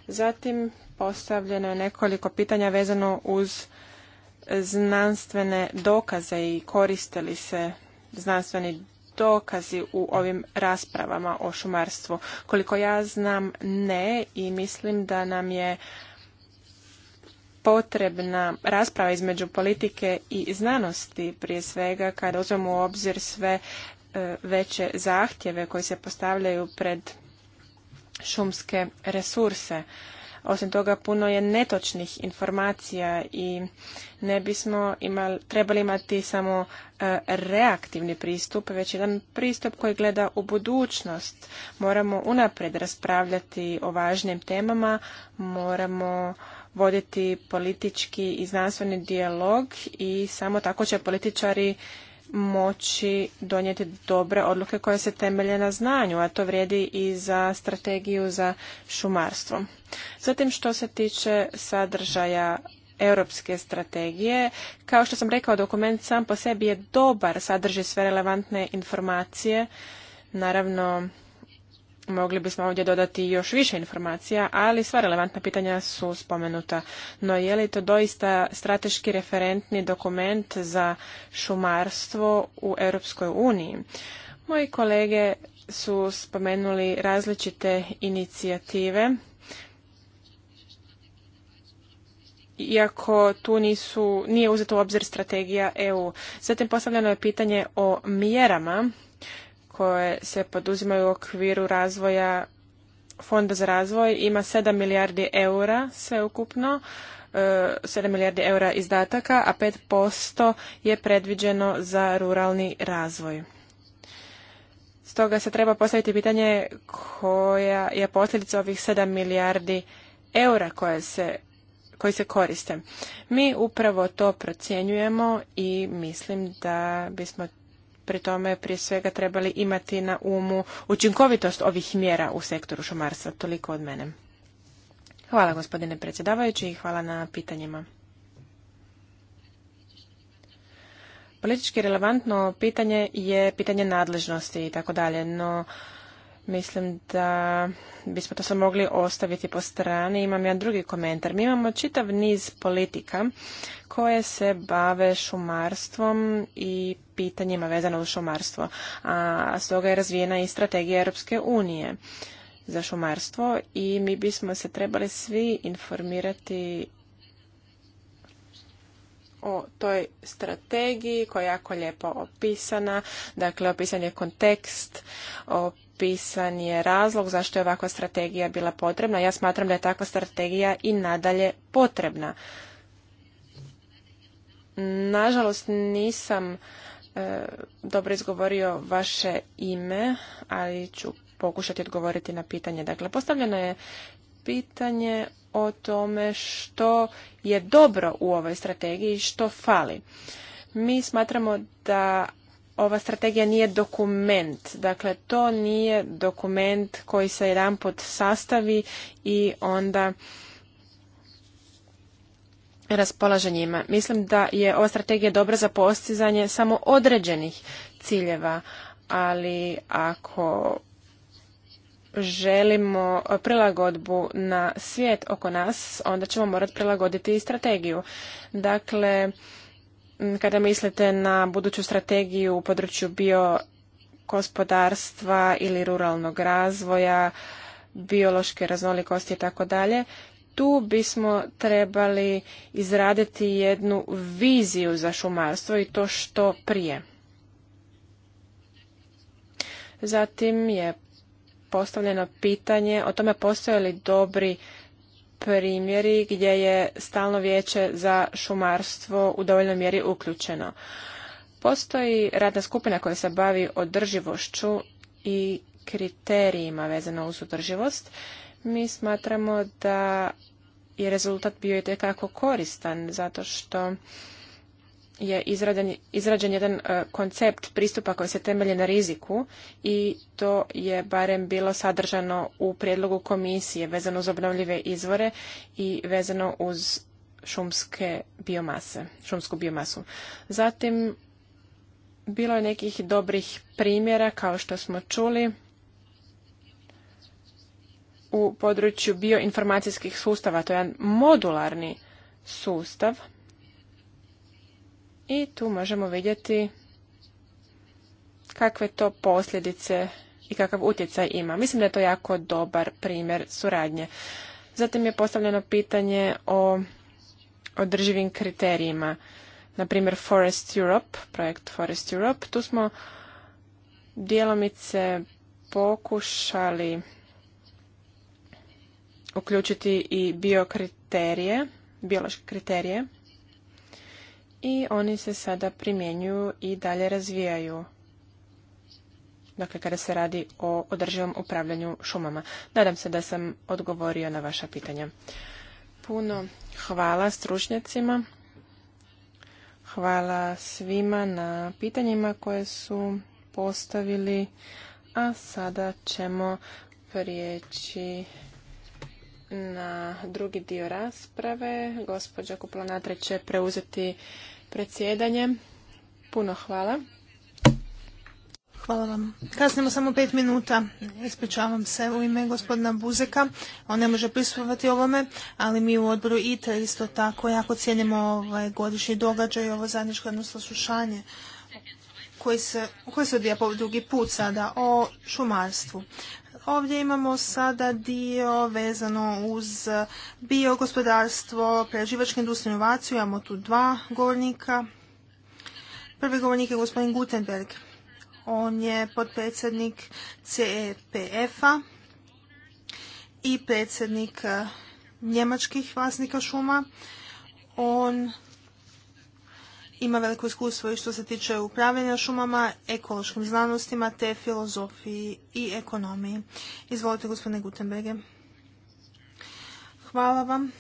Zatim postavljeno je nekoliko pitanja vezano uz znanstvene dokaze i koriste li se znanstveni dokazi u ovim raspravama o šumarstvu. Koliko ja znam ne i mislim da nam je potrebna rasprava između politike i znanosti prije svega kada uzmemo u obzir sve e, veće zahtjeve koji se postavljaju pred šumske resurse. Osim toga, puno je netočnih informacija i ne bismo imali, trebali imati samo e, reaktivni pristup, već jedan pristup koji gleda u budućnost. Moramo unaprijed raspravljati o važnim temama, moramo voditi politički i znanstveni dijalog i samo tako će političari moći donijeti dobre odluke koje se temelje na znanju, a to vrijedi i za strategiju za šumarstvo. Zatim što se tiče sadržaja europske strategije, kao što sam rekao, dokument sam po sebi je dobar, sadrži sve relevantne informacije. Naravno, Mogli bismo ovdje dodati još više informacija, ali sva relevantna pitanja su spomenuta. No je li to doista strateški referentni dokument za šumarstvo u Europskoj uniji? Moji kolege su spomenuli različite inicijative, iako tu nisu, nije uzeto u obzir strategija EU. Zatim postavljeno je pitanje o mjerama koje se poduzimaju u okviru razvoja Fonda za razvoj ima 7 milijardi eura sveukupno, 7 e, milijardi eura izdataka, a 5% je predviđeno za ruralni razvoj. Stoga se treba postaviti pitanje koja je posljedica ovih 7 milijardi eura koje se, koji se koriste. Mi upravo to procjenjujemo i mislim da bismo pri tome prije svega trebali imati na umu učinkovitost ovih mjera u sektoru šumarstva. Toliko od mene. Hvala gospodine predsjedavajući i hvala na pitanjima. Politički relevantno pitanje je pitanje nadležnosti i tako dalje, no Mislim da bismo to sve mogli ostaviti po strani. Imam jedan drugi komentar. Mi imamo čitav niz politika koje se bave šumarstvom i pitanjima vezano uz šumarstvo. A stoga je razvijena i strategija Europske unije za šumarstvo i mi bismo se trebali svi informirati o toj strategiji koja je jako lijepo opisana. Dakle, opisan je kontekst, opisan je razlog zašto je ovakva strategija bila potrebna. Ja smatram da je takva strategija i nadalje potrebna. Nažalost, nisam e, dobro izgovorio vaše ime, ali ću pokušati odgovoriti na pitanje. Dakle, postavljeno je pitanje o tome što je dobro u ovoj strategiji i što fali. Mi smatramo da ova strategija nije dokument. Dakle, to nije dokument koji se jedanput sastavi i onda raspolaže njima. Mislim da je ova strategija dobra za postizanje samo određenih ciljeva, ali ako želimo prilagodbu na svijet oko nas, onda ćemo morati prilagoditi i strategiju. Dakle, kada mislite na buduću strategiju u području bio ili ruralnog razvoja, biološke raznolikosti i tako dalje, tu bismo trebali izraditi jednu viziju za šumarstvo i to što prije. Zatim je postavljeno pitanje o tome postoje li dobri primjeri gdje je stalno vijeće za šumarstvo u dovoljnoj mjeri uključeno. Postoji radna skupina koja se bavi održivošću i kriterijima vezano uz održivost. Mi smatramo da je rezultat bio i koristan zato što je izrađen jedan e, koncept pristupa koji se temelji na riziku i to je barem bilo sadržano u prijedlogu komisije vezano uz obnovljive izvore i vezano uz šumske biomase, šumsku biomasu. Zatim, bilo je nekih dobrih primjera, kao što smo čuli, u području bioinformacijskih sustava. To je jedan modularni sustav – i tu možemo vidjeti kakve to posljedice i kakav utjecaj ima. Mislim da je to jako dobar primjer suradnje. Zatim je postavljeno pitanje o održivim kriterijima. Na Forest Europe, projekt Forest Europe, tu smo dijelomice pokušali uključiti i biokriterije, biološke kriterije i oni se sada primjenjuju i dalje razvijaju. Dakle, kada se radi o održivom upravljanju šumama. Nadam se da sam odgovorio na vaša pitanja. Puno hvala stručnjacima. Hvala svima na pitanjima koje su postavili. A sada ćemo prijeći na drugi dio rasprave. Gospođa Kuplanatre će preuzeti predsjedanje. Puno hvala. Hvala vam. Kasnimo samo pet minuta. Ispričavam se u ime gospodina Buzeka. On ne može prisustvovati ovome, ali mi u odboru ITE isto tako jako cijenimo ovaj godišnji događaj i ovo zajedničko jedno saslušanje koji se, koji se odvija po drugi put sada o šumarstvu. Ovdje imamo sada dio vezano uz biogospodarstvo, preživačku industriju inovaciju. Imamo tu dva govornika. Prvi govornik je gospodin Gutenberg. On je potpredsjednik CEPF-a i predsjednik eh, njemačkih vlasnika šuma. On ima veliko iskustvo i što se tiče upravljanja šumama, ekološkim znanostima te filozofiji i ekonomiji. Izvolite gospodine Gutenberge. Hvala vam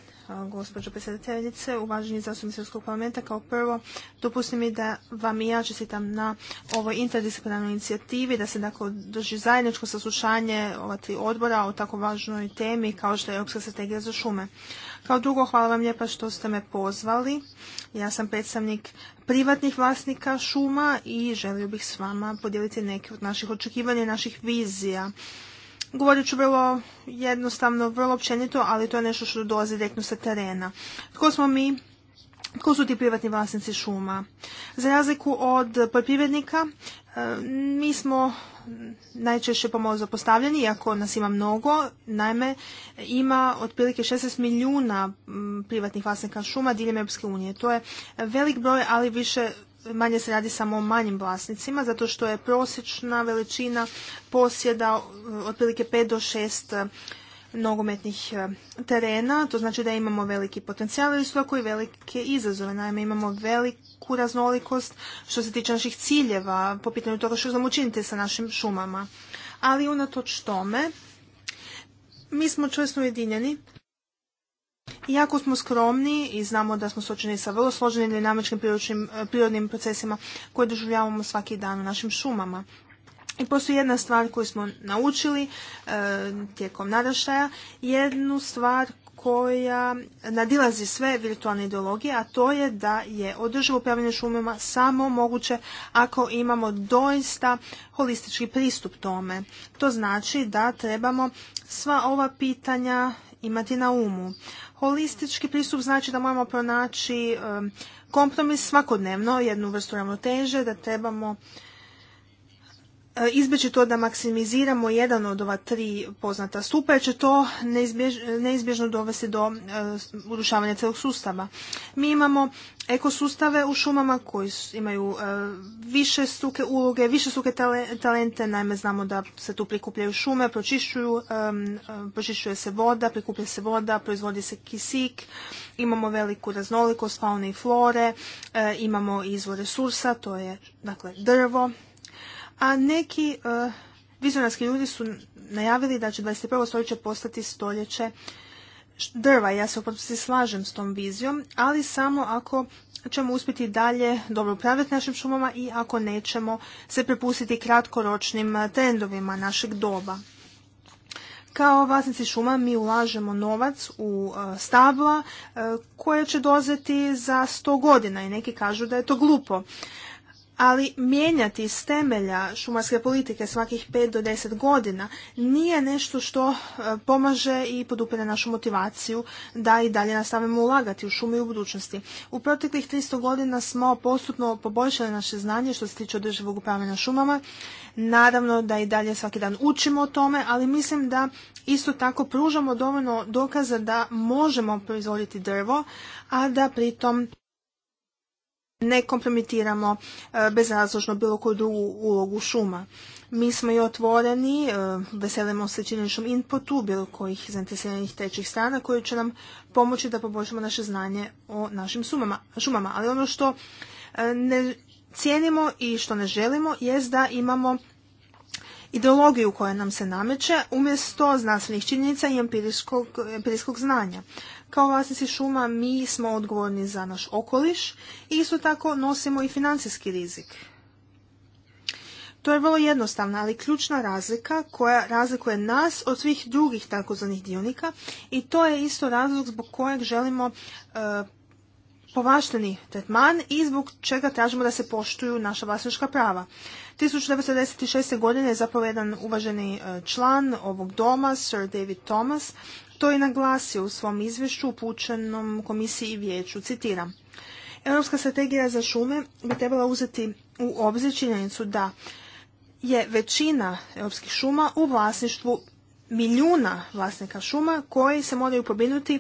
gospođo predsjedateljice, uvaženi zastupnici Europskog parlamenta, kao prvo dopustim mi da vam i ja čestitam na ovoj interdisciplinarnoj inicijativi, da se dakle drži zajedničko saslušanje ova tri odbora o tako važnoj temi kao što je Europska strategija za šume. Kao drugo, hvala vam lijepa što ste me pozvali. Ja sam predstavnik privatnih vlasnika šuma i želio bih s vama podijeliti neke od naših očekivanja i naših vizija. Govorit ću vrlo jednostavno, vrlo općenito, ali to je nešto što dolazi direktno sa terena. Tko smo mi? Tko su ti privatni vlasnici šuma? Za razliku od poljoprivrednika, mi smo najčešće pomalo zapostavljeni, iako nas ima mnogo. Naime, ima otprilike 16 milijuna privatnih vlasnika šuma diljem Europske unije. To je velik broj, ali više manje se radi samo o manjim vlasnicima, zato što je prosječna veličina posjeda e, otprilike 5 do 6 e, nogometnih e, terena, to znači da imamo veliki potencijal, ali su i velike izazove. Naime, imamo velik veliku raznolikost što se tiče naših ciljeva po pitanju toga što znamo učiniti sa našim šumama. Ali unatoč tome, mi smo čvrsto ujedinjeni. jako smo skromni i znamo da smo suočeni sa vrlo složenim dinamičkim prirodnim procesima koje doživljavamo svaki dan u našim šumama. I postoji jedna stvar koju smo naučili e, tijekom naraštaja. jednu stvar koja nadilazi sve virtualne ideologije, a to je da je održivo upravljanje šumama samo moguće ako imamo doista holistički pristup tome. To znači da trebamo sva ova pitanja imati na umu. Holistički pristup znači da moramo pronaći um, kompromis svakodnevno, jednu vrstu ravnoteže, da trebamo E, izbjeći to da maksimiziramo jedan od ova tri poznata stupa, jer će to neizbježno, dovesti do e, urušavanja celog sustava. Mi imamo ekosustave u šumama koji imaju e, više struke uloge, više struke talente, naime znamo da se tu prikupljaju šume, pročišćuju, pročišćuje se voda, prikuplja se voda, proizvodi se kisik, imamo veliku raznolikost faune i flore, imamo izvor resursa, to je dakle drvo, a neki e, vizionarski ljudi su najavili da će 21. stoljeće postati stoljeće drva. Ja se u slažem s tom vizijom, ali samo ako ćemo uspjeti dalje dobro upravljati našim šumama i ako nećemo se prepustiti kratkoročnim e, trendovima našeg doba. Kao vlasnici šuma mi ulažemo novac u e, stabla koje će dozeti za 100 godina i neki kažu da je to glupo ali mijenjati iz temelja šumarske politike svakih 5 do 10 godina nije nešto što e, pomaže i podupere našu motivaciju da i dalje nastavimo ulagati u šume i u budućnosti. U proteklih 300 godina smo postupno poboljšali naše znanje što se tiče održivog upravljanja šumama. Naravno da i dalje svaki dan učimo o tome, ali mislim da isto tako pružamo dovoljno dokaza da možemo proizvoditi drvo, a da pritom ne kompromitiramo e, bezrazložno bilo koju drugu ulogu šuma. Mi smo i otvoreni, e, veselimo se činjeničnom inputu bilo kojih zainteresiranih trećih strana koji će nam pomoći da poboljšamo naše znanje o našim šumama. Ali ono što e, ne cijenimo i što ne želimo jest da imamo ideologiju koja nam se nameće umjesto znanstvenih činjenica i empirijskog znanja kao vlasnici šuma mi smo odgovorni za naš okoliš i isto tako nosimo i financijski rizik. To je vrlo jednostavna, ali ključna razlika koja razlikuje nas od svih drugih takozvanih dionika i to je isto razlog zbog kojeg želimo e, povašteni tretman i zbog čega tražimo da se poštuju naša vlasnička prava. 1996. godine je zapravo jedan uvaženi e, član ovog doma, Sir David Thomas, to je naglasio u svom izvješću upućenom komisiji i vijeću. Citiram. Europska strategija za šume bi trebala uzeti u obzir činjenicu da je većina europskih šuma u vlasništvu milijuna vlasnika šuma koji se moraju pobinuti e,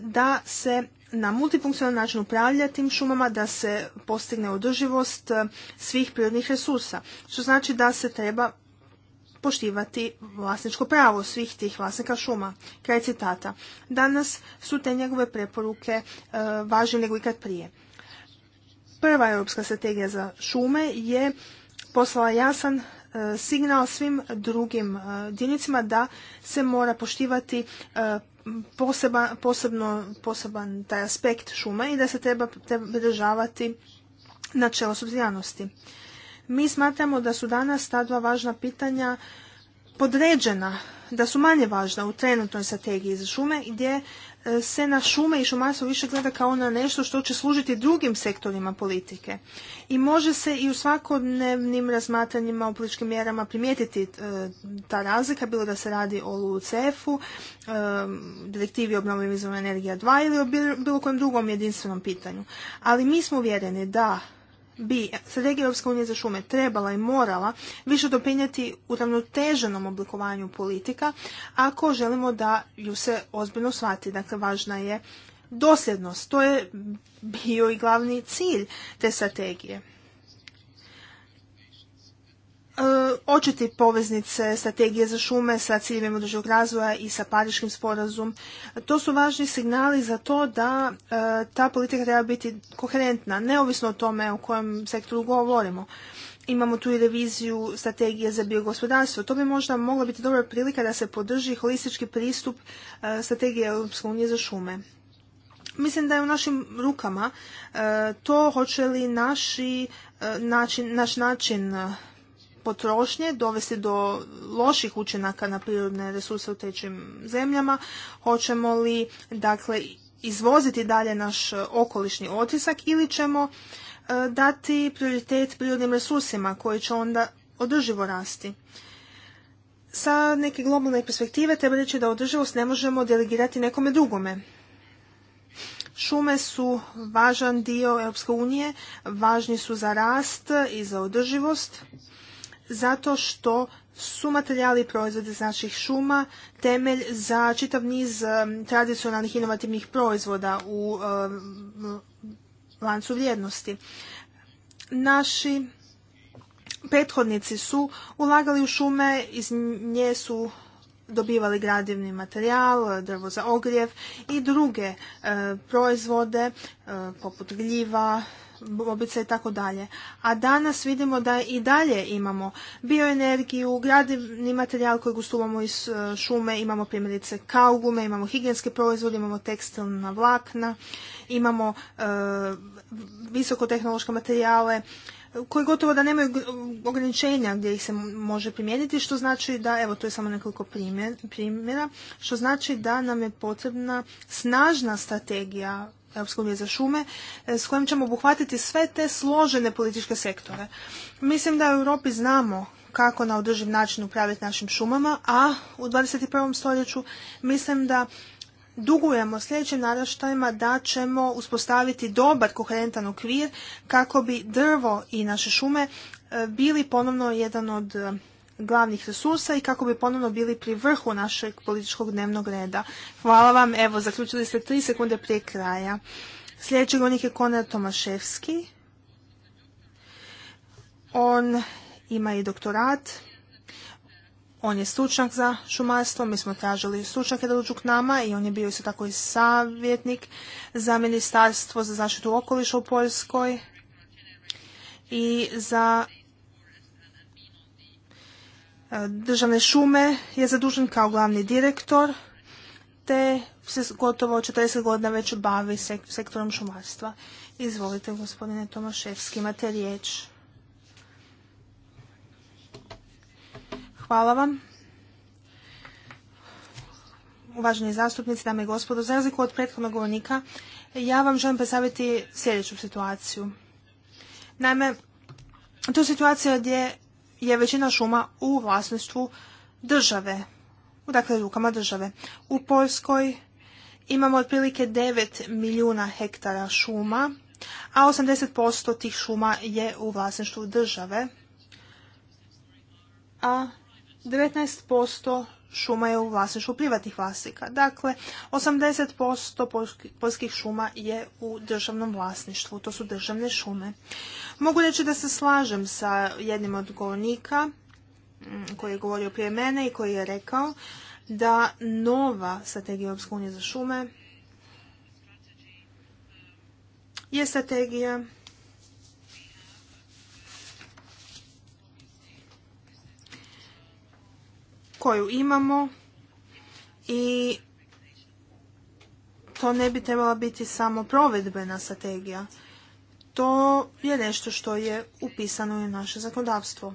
da se na multifunkcionalan način upravlja tim šumama, da se postigne održivost e, svih prirodnih resursa, što znači da se treba poštivati vlasničko pravo svih tih vlasnika šuma. Kraj citata. Danas su te njegove preporuke e, važnije nego ikad prije. Prva europska strategija za šume je poslala jasan e, signal svim drugim jedinicama da se mora poštivati e, posebno, poseban taj aspekt šuma i da se treba pridržavati načelo subsidijanosti. Mi smatramo da su danas ta dva važna pitanja podređena, da su manje važna u trenutnoj strategiji za šume gdje e, se na šume i šumarstvo više gleda kao na nešto što će služiti drugim sektorima politike. I može se i u svakodnevnim razmatranjima o političkim mjerama primijetiti e, ta razlika, bilo da se radi o LUCF-u, e, direktivi obnovljivim izvorima energija 2 ili o bilo kojem drugom jedinstvenom pitanju. Ali mi smo uvjereni da bi strategija Europske unije za šume trebala i morala više u ravnoteženom oblikovanju politika ako želimo da ju se ozbiljno shvati. Dakle, važna je dosljednost. To je bio i glavni cilj te strategije. E, očiti poveznice strategije za šume sa ciljevima održivog razvoja i sa pariškim sporazum. To su važni signali za to da e, ta politika treba biti koherentna, neovisno o tome o kojem sektoru govorimo. Imamo tu i reviziju strategije za biogospodarstvo. To bi možda mogla biti dobra prilika da se podrži holistički pristup e, strategije Europske unije za šume. Mislim da je u našim rukama to hoće li naši, način, naš način potrošnje dovesti do loših učinaka na prirodne resurse u trećim zemljama? Hoćemo li dakle izvoziti dalje naš e, okolišni otisak ili ćemo e, dati prioritet prirodnim resursima koji će onda održivo rasti? Sa neke globalne perspektive treba reći da održivost ne možemo delegirati nekome drugome. Šume su važan dio Europske unije, važni su za rast i za održivost zato što su materijali i proizvodi iz naših šuma temelj za čitav niz tradicionalnih inovativnih proizvoda u lancu vrijednosti. Naši prethodnici su ulagali u šume, iz nje su dobivali gradivni materijal, drvo za ogrjev i druge proizvode poput gljiva, bobice i tako dalje. A danas vidimo da i dalje imamo bioenergiju, gradivni materijal koji ustupamo iz e, šume, imamo primjerice kaugume, imamo higijenske proizvode, imamo tekstilna vlakna, imamo e, visokotehnološke materijale koji gotovo da nemaju ograničenja gdje ih se može primijeniti, što znači da, evo to je samo nekoliko primjera, što znači da nam je potrebna snažna strategija Europske unije za šume, e, s kojim ćemo obuhvatiti sve te složene političke sektore. Mislim da u Europi znamo kako na održiv način upraviti našim šumama, a u 21. stoljeću mislim da dugujemo sljedećim naraštajima da ćemo uspostaviti dobar koherentan okvir kako bi drvo i naše šume e, bili ponovno jedan od glavnih resursa i kako bi ponovno bili pri vrhu našeg političkog dnevnog reda. Hvala vam, evo, zaključili ste tri sekunde prije kraja. Sljedeći govornik je Konrad Tomaševski. On ima i doktorat. On je stručnjak za šumarstvo, mi smo tražili stručnjake da uđu k nama i on je bio isto tako i savjetnik za ministarstvo za zaštitu okoliša u Poljskoj i za državne šume je zadužen kao glavni direktor, te se gotovo 40 godina već bavi sektorom šumarstva. Izvolite, gospodine Tomaševski, imate riječ. Hvala vam. Uvaženi zastupnici, dame i gospodo, za razliku od prethodnog govornika, ja vam želim predstaviti sljedeću situaciju. Naime, to je situacija gdje je većina šuma u vlasništvu države, dakle rukama države. U Poljskoj imamo otprilike 9 milijuna hektara šuma, a 80% tih šuma je u vlasništvu države, a 19% šuma je u vlasništvu privatnih vlasnika. Dakle, 80% poljskih šuma je u državnom vlasništvu, to su državne šume. Mogu reći da se slažem sa jednim od govornika mm, koji je govorio prije mene i koji je rekao da nova strategija Europske za šume je strategija koju imamo i to ne bi trebala biti samo provedbena strategija to je nešto što je upisano u naše zakonodavstvo.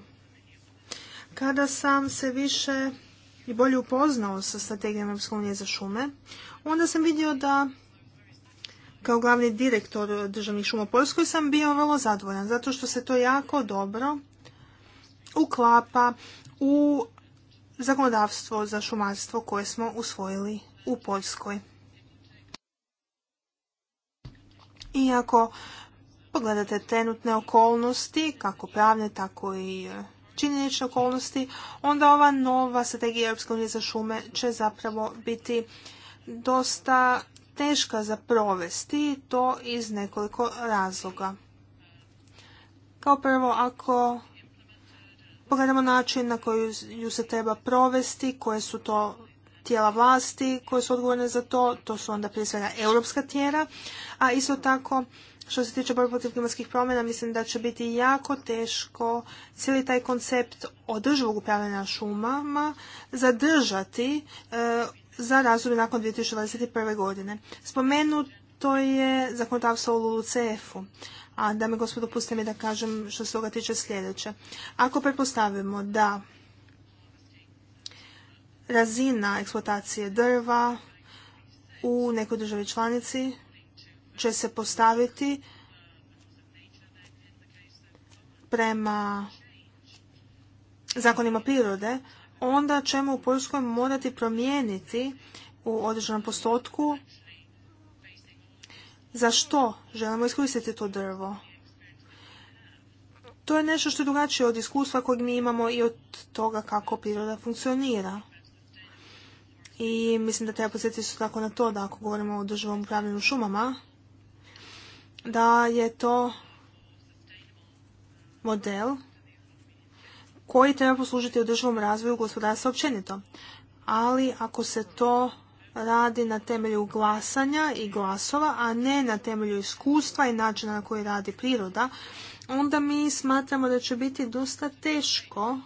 Kada sam se više i bolje upoznao sa strategijom Europske za šume, onda sam vidio da kao glavni direktor državnih šuma u Poljskoj sam bio vrlo zadovoljan, zato što se to jako dobro uklapa u zakonodavstvo za šumarstvo koje smo usvojili u Poljskoj. Iako pogledate trenutne okolnosti, kako pravne, tako i e, činjenične okolnosti, onda ova nova strategija Europske unije za šume će zapravo biti dosta teška za provesti to iz nekoliko razloga. Kao prvo, ako pogledamo način na koji ju se treba provesti, koje su to tijela vlasti koje su odgovorne za to, to su onda prije svega europska tijela, a isto tako što se tiče borbe protiv klimatskih promjena, mislim da će biti jako teško cijeli taj koncept održivog upravljanja šumama zadržati e, za razdoblje nakon 2021. godine. Spomenuto je zakonodavstvo u lulucf A da me gospodo, puste mi da kažem što se toga tiče sljedeće. Ako pretpostavimo da razina eksploatacije drva u nekoj državi članici će se postaviti prema zakonima prirode, onda ćemo u Poljskoj morati promijeniti u određenom postotku za što želimo iskoristiti to drvo. To je nešto što je drugačije od iskustva kojeg mi imamo i od toga kako priroda funkcionira. I mislim da treba posjetiti su tako na to da ako govorimo o održivom upravljanju šumama, da je to model koji treba poslužiti održivom razvoju gospodarstva općenito. Ali ako se to radi na temelju glasanja i glasova, a ne na temelju iskustva i načina na koji radi priroda, onda mi smatramo da će biti dosta teško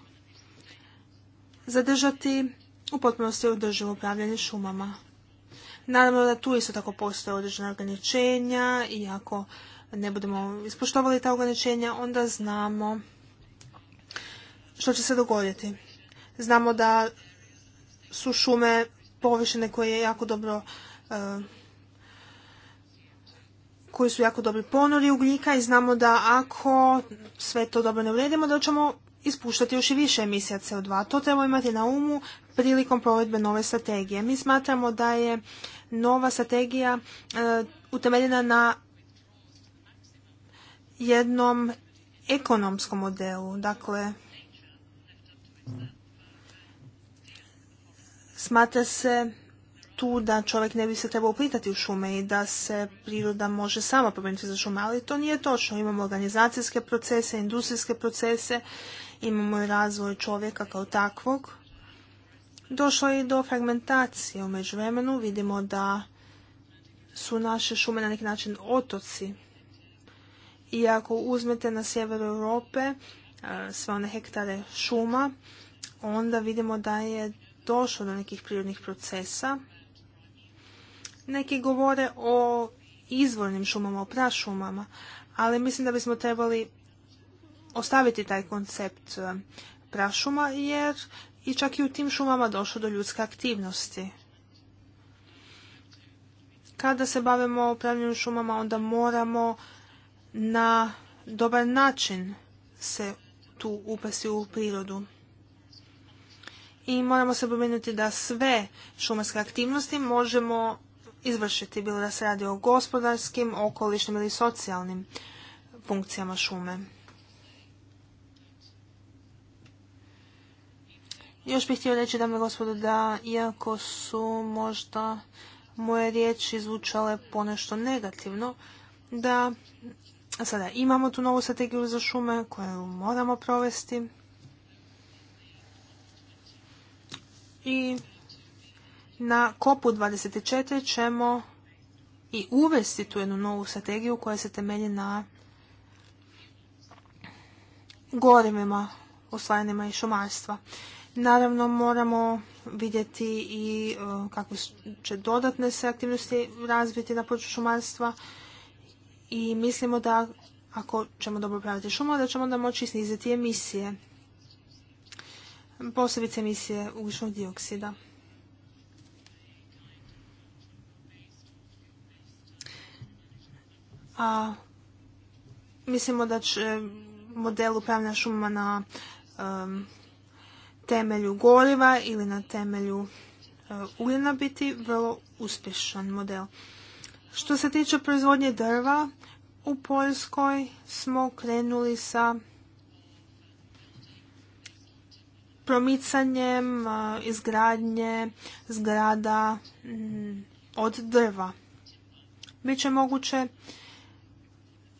zadržati u potpunosti održivo upravljanje šumama. Naravno da tu isto tako postoje određena ograničenja i ako ne budemo ispoštovali ta ograničenja, onda znamo što će se dogoditi. Znamo da su šume površine koje jako dobro e, koji su jako dobri ponori ugljika i znamo da ako sve to dobro ne uredimo, da ćemo ispuštati još i više emisija CO2. To treba imati na umu prilikom provedbe nove strategije. Mi smatramo da je nova strategija e, utemeljena na jednom ekonomskom modelu. Dakle, smatra se tu da čovjek ne bi se trebao uplitati u šume i da se priroda može sama promijeniti za šume, ali to nije točno. Imamo organizacijske procese, industrijske procese imamo i razvoj čovjeka kao takvog. Došlo je i do fragmentacije u međuvremenu. Vidimo da su naše šume na neki način otoci. I ako uzmete na sjeveru Europe e, sve one hektare šuma, onda vidimo da je došlo do nekih prirodnih procesa. Neki govore o izvornim šumama, o prašumama, ali mislim da bismo trebali ostaviti taj koncept e, prašuma jer i čak i u tim šumama došlo do ljudske aktivnosti. Kada se bavimo upravljanjem šumama onda moramo na dobar način se tu upasti u prirodu. I moramo se pomenuti da sve šumarske aktivnosti možemo izvršiti, bilo da se radi o gospodarskim, okolišnim ili socijalnim funkcijama šume. Još bih htio reći, dame gospodo, da iako su možda moje riječi zvučale ponešto negativno, da sada imamo tu novu strategiju za šume koju moramo provesti. I na kopu 24 ćemo i uvesti tu jednu novu strategiju koja se temelji na gorivima osvajanima i šumarstva. Naravno moramo vidjeti i e, kako će dodatne se aktivnosti razviti na području šumarstva i mislimo da ako ćemo dobro praviti šuma, da ćemo onda moći sniziti emisije, posebice emisije ugljičnog dioksida. A mislimo da će model upravljanja šuma na temelju goriva ili na temelju e, ugljena biti vrlo uspješan model. Što se tiče proizvodnje drva, u Poljskoj smo krenuli sa promicanjem e, izgradnje zgrada mm, od drva. Biće moguće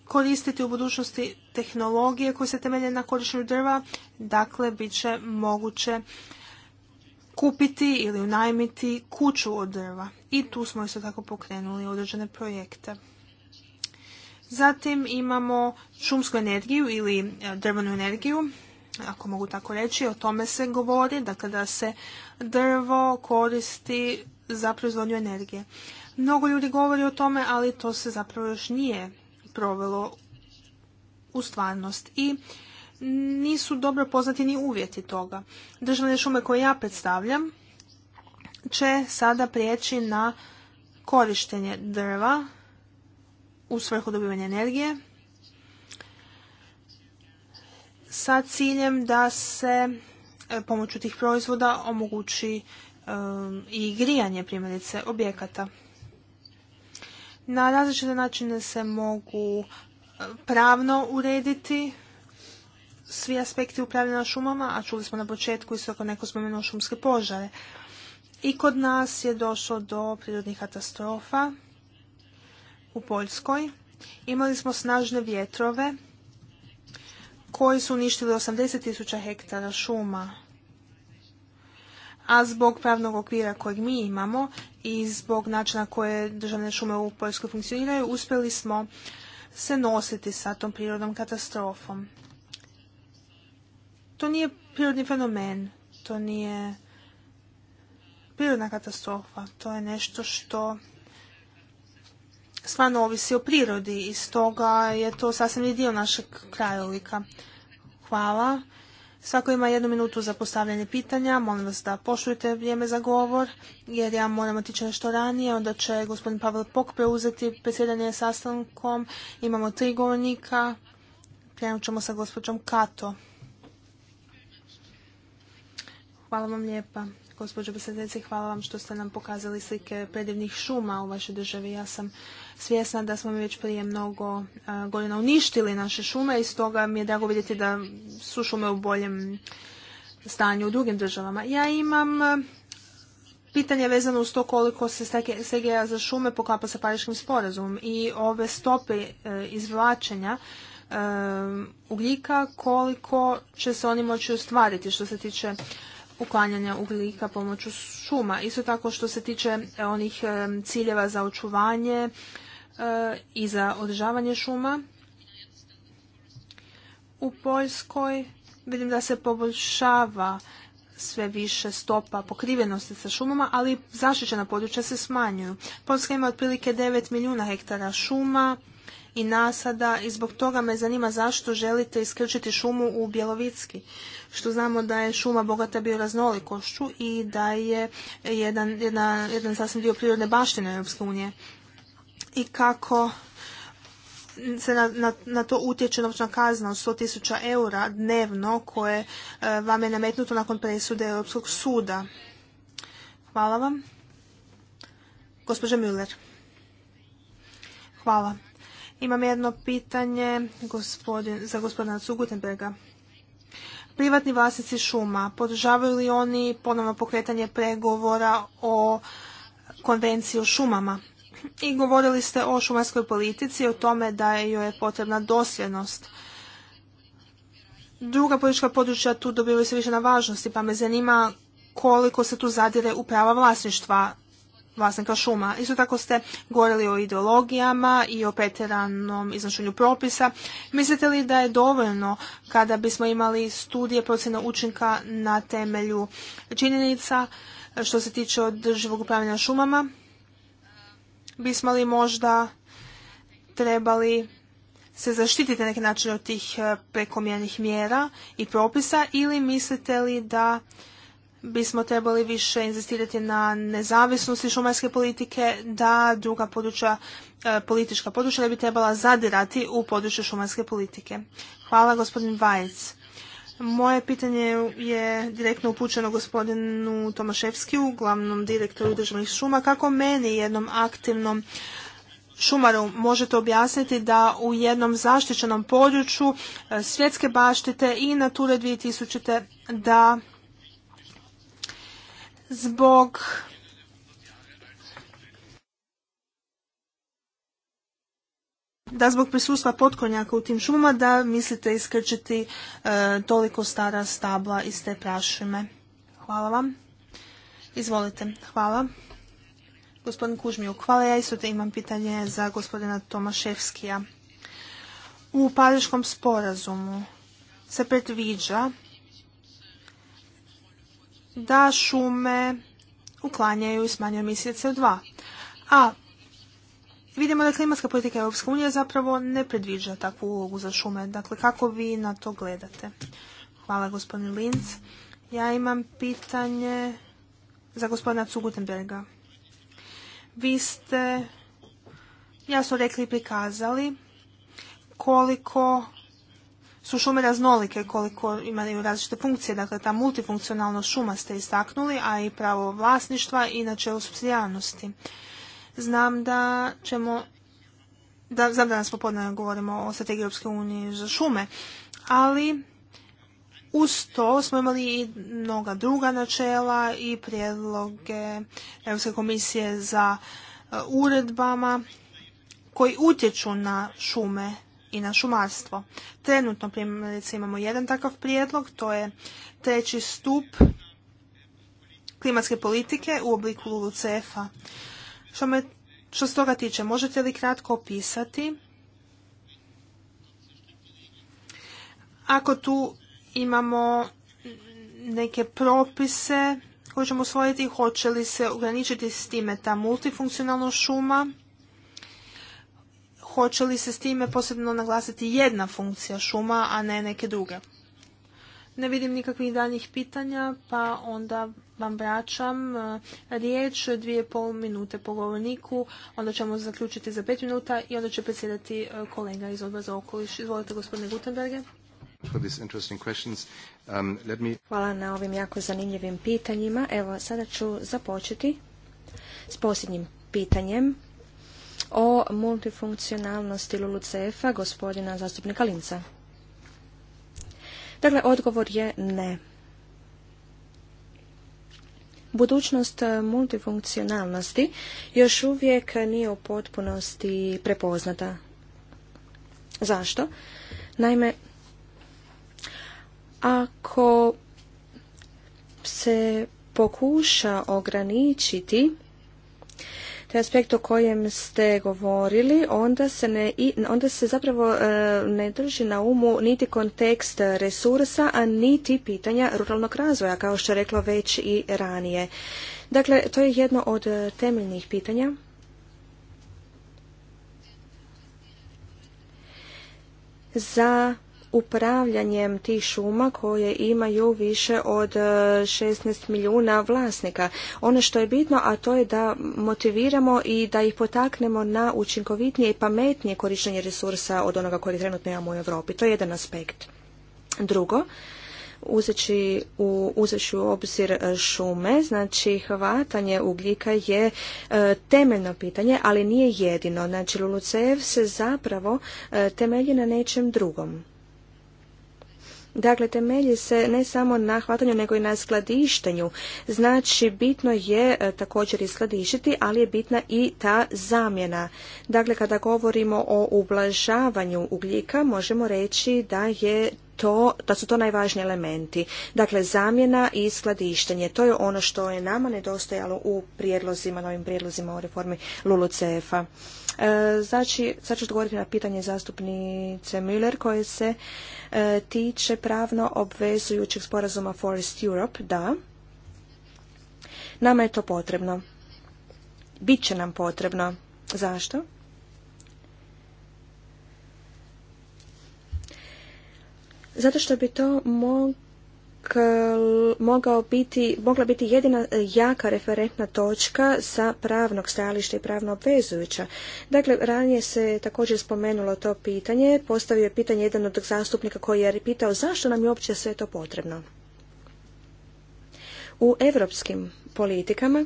koristiti u budućnosti tehnologije koje se temelje na korištenju drva, dakle bit će moguće kupiti ili unajmiti kuću od drva. I tu smo isto tako pokrenuli određene projekte. Zatim imamo šumsku energiju ili e, drvenu energiju, ako mogu tako reći, o tome se govori, dakle da se drvo koristi za proizvodnju energije. Mnogo ljudi govori o tome, ali to se zapravo još nije provelo u stvarnost i nisu dobro poznati ni uvjeti toga. Državne šume koje ja predstavljam će sada prijeći na korištenje drva u svrhu dobivanja energije sa ciljem da se e, pomoću tih proizvoda omogući i grijanje primjerice objekata. Na različite načine se mogu pravno urediti svi aspekti upravljanja šumama, a čuli smo na početku isto ako neko spomenuo šumske požare. I kod nas je došlo do prirodnih katastrofa u Poljskoj. Imali smo snažne vjetrove koji su uništili 80.000 hektara šuma. A zbog pravnog okvira kojeg mi imamo i zbog načina koje državne šume u Poljskoj funkcioniraju, uspjeli smo se nositi sa tom prirodnom katastrofom. To nije prirodni fenomen, to nije prirodna katastrofa, to je nešto što stvarno ovisi o prirodi i stoga je to sasvim dio našeg krajolika. Hvala. Svako ima jednu minutu za postavljanje pitanja. Molim vas da poštujete vrijeme za govor, jer ja moram otići nešto ranije. Onda će gospodin Pavel Pok preuzeti predsjedanje sastankom. Imamo tri govornika. Krenut ćemo sa gospođom Kato. Hvala vam lijepa. Gospođo predsjednice, hvala vam što ste nam pokazali slike predivnih šuma u vašoj državi. Ja sam svjesna da smo mi već prije mnogo godina uništili naše šume i stoga mi je drago vidjeti da su šume u boljem stanju u drugim državama. Ja imam pitanje vezano uz to koliko se SGA za šume poklapa sa pariškim sporazumom i ove stope e, izvlačenja e, ugljika koliko će se oni moći ostvariti što se tiče uklanjanja ugljika pomoću šuma. Isto tako što se tiče e, onih e, ciljeva za očuvanje e, i za održavanje šuma. U Poljskoj vidim da se poboljšava sve više stopa pokrivenosti sa šumama, ali zaštićena područja se smanjuju. Poljska ima otprilike 9 milijuna hektara šuma, i nasada i zbog toga me zanima zašto želite isključiti šumu u Bjelovicki, što znamo da je šuma bogata bioraznolikošću i da je jedan, jedan sasvim dio prirodne baštine Europske unije. I kako se na, to utječe novčana kazna od 100.000 eura dnevno koje e, vam je nametnuto nakon presude Europskog suda. Hvala vam. Gospođa Müller. Hvala. Imam jedno pitanje za gospodina Cugutenberga. Privatni vlasnici šuma, podržavaju li oni ponovno pokretanje pregovora o konvenciji o šumama? I govorili ste o šumarskoj politici o tome da joj je potrebna dosljednost. Druga politička područja tu dobivaju se više na važnosti, pa me zanima koliko se tu zadire u prava vlasništva vlasnika šuma. Isto tako ste govorili o ideologijama i o peteranom iznošenju propisa. Mislite li da je dovoljno kada bismo imali studije procjena učinka na temelju činjenica što se tiče održivog upravljanja šumama? Bismo li možda trebali se zaštititi na neki način od tih prekomjernih mjera i propisa ili mislite li da bismo trebali više inzistirati na nezavisnosti šumarske politike, da druga područja, e, politička područja ne bi trebala zadirati u područje šumarske politike. Hvala gospodin Vajec. Moje pitanje je direktno upućeno gospodinu Tomaševskiju, glavnom direktoru državnih šuma. Kako meni jednom aktivnom šumaru možete objasniti da u jednom zaštićenom području e, svjetske baštite i Nature 2000 da zbog da zbog prisustva potkonjaka u tim šumama da mislite iskrčiti e, toliko stara stabla iz te prašume. Hvala vam. Izvolite. Hvala. Gospodin Kužmijuk, hvala. Ja isto te imam pitanje za gospodina Tomaševskija. U Pariškom sporazumu se predviđa da šume uklanjaju i smanjuju emisije CO2. A vidimo da klimatska politika Europske unije zapravo ne predviđa takvu ulogu za šume. Dakle, kako vi na to gledate? Hvala gospodin Linz. Ja imam pitanje za gospodina Cugutenberga. Vi ste jasno rekli i prikazali koliko su šume raznolike koliko imaju različite funkcije. Dakle, ta multifunkcionalnost šuma ste istaknuli, a i pravo vlasništva i načelo subsidijarnosti. Znam da ćemo, da, znam da nas popodne govorimo o strategiji Europske unije za šume, ali uz to smo imali i mnoga druga načela i prijedloge Europske komisije za e, uredbama koji utječu na šume i na šumarstvo. Trenutno primjerice imamo jedan takav prijedlog, to je treći stup klimatske politike u obliku LULUCF-a. Što, što se toga tiče, možete li kratko opisati ako tu imamo neke propise koje ćemo usvojiti, hoće li se ograničiti s time ta multifunkcionalna šuma, hoće li se s time posebno naglasiti jedna funkcija šuma, a ne neke druge. Ne vidim nikakvih daljnjih pitanja, pa onda vam vraćam e, riječ dvije pol minute po govorniku, onda ćemo zaključiti za pet minuta i onda će predsjedati e, kolega iz odbora za okoliš. Izvolite gospodine Gutenberge. Um, Hvala na ovim jako zanimljivim pitanjima. Evo, sada ću započeti s posljednjim pitanjem o multifunkcionalnosti LULUCF-a gospodina zastupnika Linca? Dakle, odgovor je ne. Budućnost multifunkcionalnosti još uvijek nije u potpunosti prepoznata. Zašto? Naime, ako se pokuša ograničiti taj aspekt o kojem ste govorili, onda se, ne, onda se zapravo e, ne drži na umu niti kontekst resursa, a niti pitanja ruralnog razvoja, kao što je reklo već i ranije. Dakle, to je jedno od temeljnih pitanja. za upravljanjem tih šuma koje imaju više od 16 e, milijuna vlasnika. Ono što je bitno, a to je da motiviramo i da ih potaknemo na učinkovitnije i pametnije korištenje resursa od onoga koje trenutno imamo u Europi. To je jedan aspekt. Drugo, uzeći u, obzir e, šume, znači hvatanje ugljika je e, temeljno pitanje, ali nije jedino. Znači Lulucev se zapravo temelji na nečem drugom. Dakle, temelji se ne samo na hvatanju, nego i na skladištenju. Znači, bitno je e, također i skladišiti, ali je bitna i ta zamjena. Dakle, kada govorimo o ublažavanju ugljika, možemo reći da je to, da su to najvažniji elementi. Dakle, zamjena i skladištenje. To je ono što je nama nedostajalo u prijedlozima, novim prijedlozima o reformi LULUCF-a. E, znači, sad ću odgovoriti na pitanje zastupnice Müller koje se e, tiče pravno obvezujućeg sporazuma Forest Europe. Da, nama je to potrebno. Biće nam potrebno. Zašto? Zato što bi to moglo E, mogao biti, mogla biti jedina e, jaka referentna točka sa pravnog stajališta i pravno obvezujuća. Dakle, ranije se također spomenulo to pitanje, postavio je pitanje jedan od zastupnika koji je pitao zašto nam je uopće sve to potrebno. U europskim politikama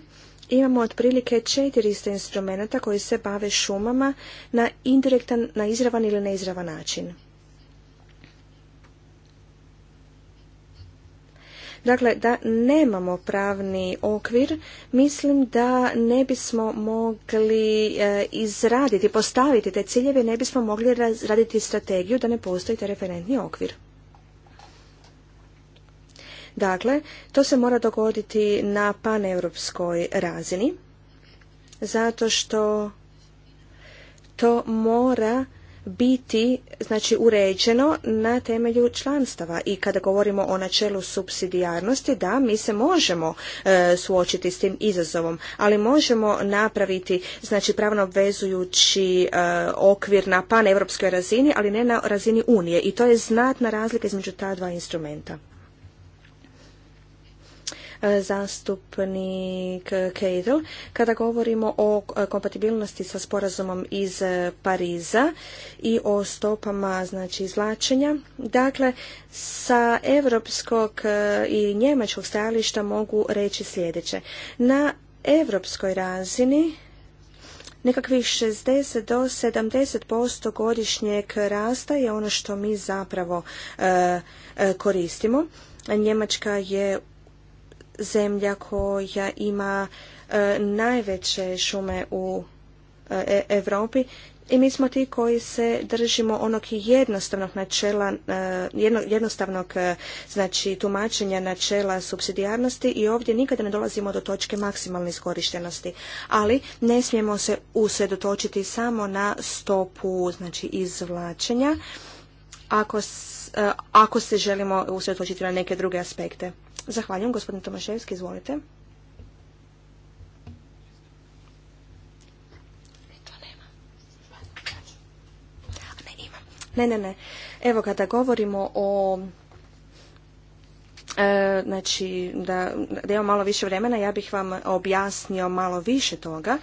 imamo otprilike 400 instrumenta koji se bave šumama na indirektan, na izravan ili neizravan način. Dakle, da nemamo pravni okvir, mislim da ne bismo mogli e, izraditi, postaviti te ciljeve, ne bismo mogli razraditi strategiju da ne postoji referentni okvir. Dakle, to se mora dogoditi na paneuropskoj razini, zato što to mora biti znači uređeno na temelju članstava i kada govorimo o načelu subsidijarnosti da mi se možemo e, suočiti s tim izazovom ali možemo napraviti znači pravno obvezujući e, okvir na paneuropskoj razini ali ne na razini unije i to je znatna razlika između ta dva instrumenta E, zastupnik Keidel, Kada govorimo o e, kompatibilnosti sa sporazumom iz e, Pariza i o stopama znači izvlačenja. dakle sa europskog i njemačkog stajališta mogu reći sljedeće. Na europskoj razini nekakvih 60 do 70% godišnjeg rasta je ono što mi zapravo koristimo. Njemačka je zemlja koja ima e, najveće šume u e, e, Europi i mi smo ti koji se držimo onog jednostavnog načela, jednostavnog znači tumačenja načela subsidijarnosti i ovdje nikada ne dolazimo do točke maksimalne iskorištenosti. Ali ne smijemo se usredotočiti samo na stopu znači izvlačenja ako, ako se želimo usredotočiti na neke druge aspekte. Zahvaljujem, gospodin Tomaševski, izvolite. Ne, ne, ne. Evo kada govorimo o e, znači da, imamo malo više vremena ja bih vam objasnio malo više toga,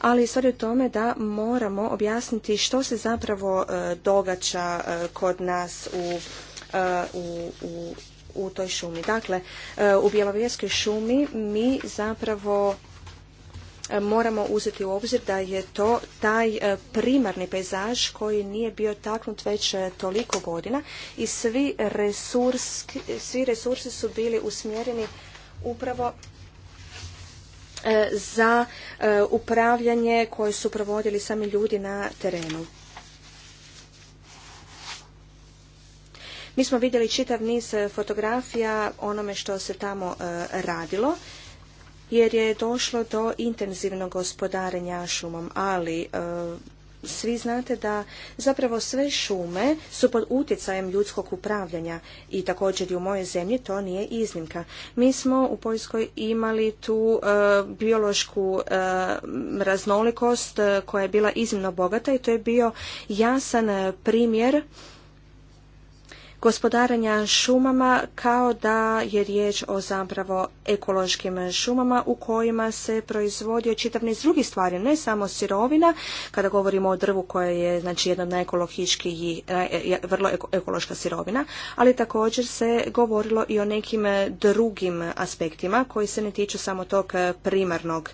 ali stvar u tome da moramo objasniti što se zapravo e, događa e, kod nas u, u u toj šumi. Dakle, e, u Bjelovijeskoj šumi mi zapravo e, moramo uzeti u obzir da je to taj e, primarni pejzaž koji nije bio taknut već toliko godina i svi, svi resursi su bili usmjereni upravo za upravljanje koje su provodili sami ljudi na terenu. Mi smo vidjeli čitav niz e, fotografija onome što se tamo e, radilo jer je došlo do intenzivnog gospodarenja šumom, ali e, svi znate da zapravo sve šume su pod utjecajem ljudskog upravljanja i također i u mojoj zemlji to nije iznimka. Mi smo u Poljskoj imali tu biološku raznolikost koja je bila iznimno bogata i to je bio jasan primjer gospodarenja šumama kao da je riječ o zapravo ekološkim šumama u kojima se proizvodio čitav niz drugih stvari, ne samo sirovina, kada govorimo o drvu koje je znači jedna od i e, e, vrlo ekološka sirovina, ali također se govorilo i o nekim drugim aspektima koji se ne tiču samo tog primarnog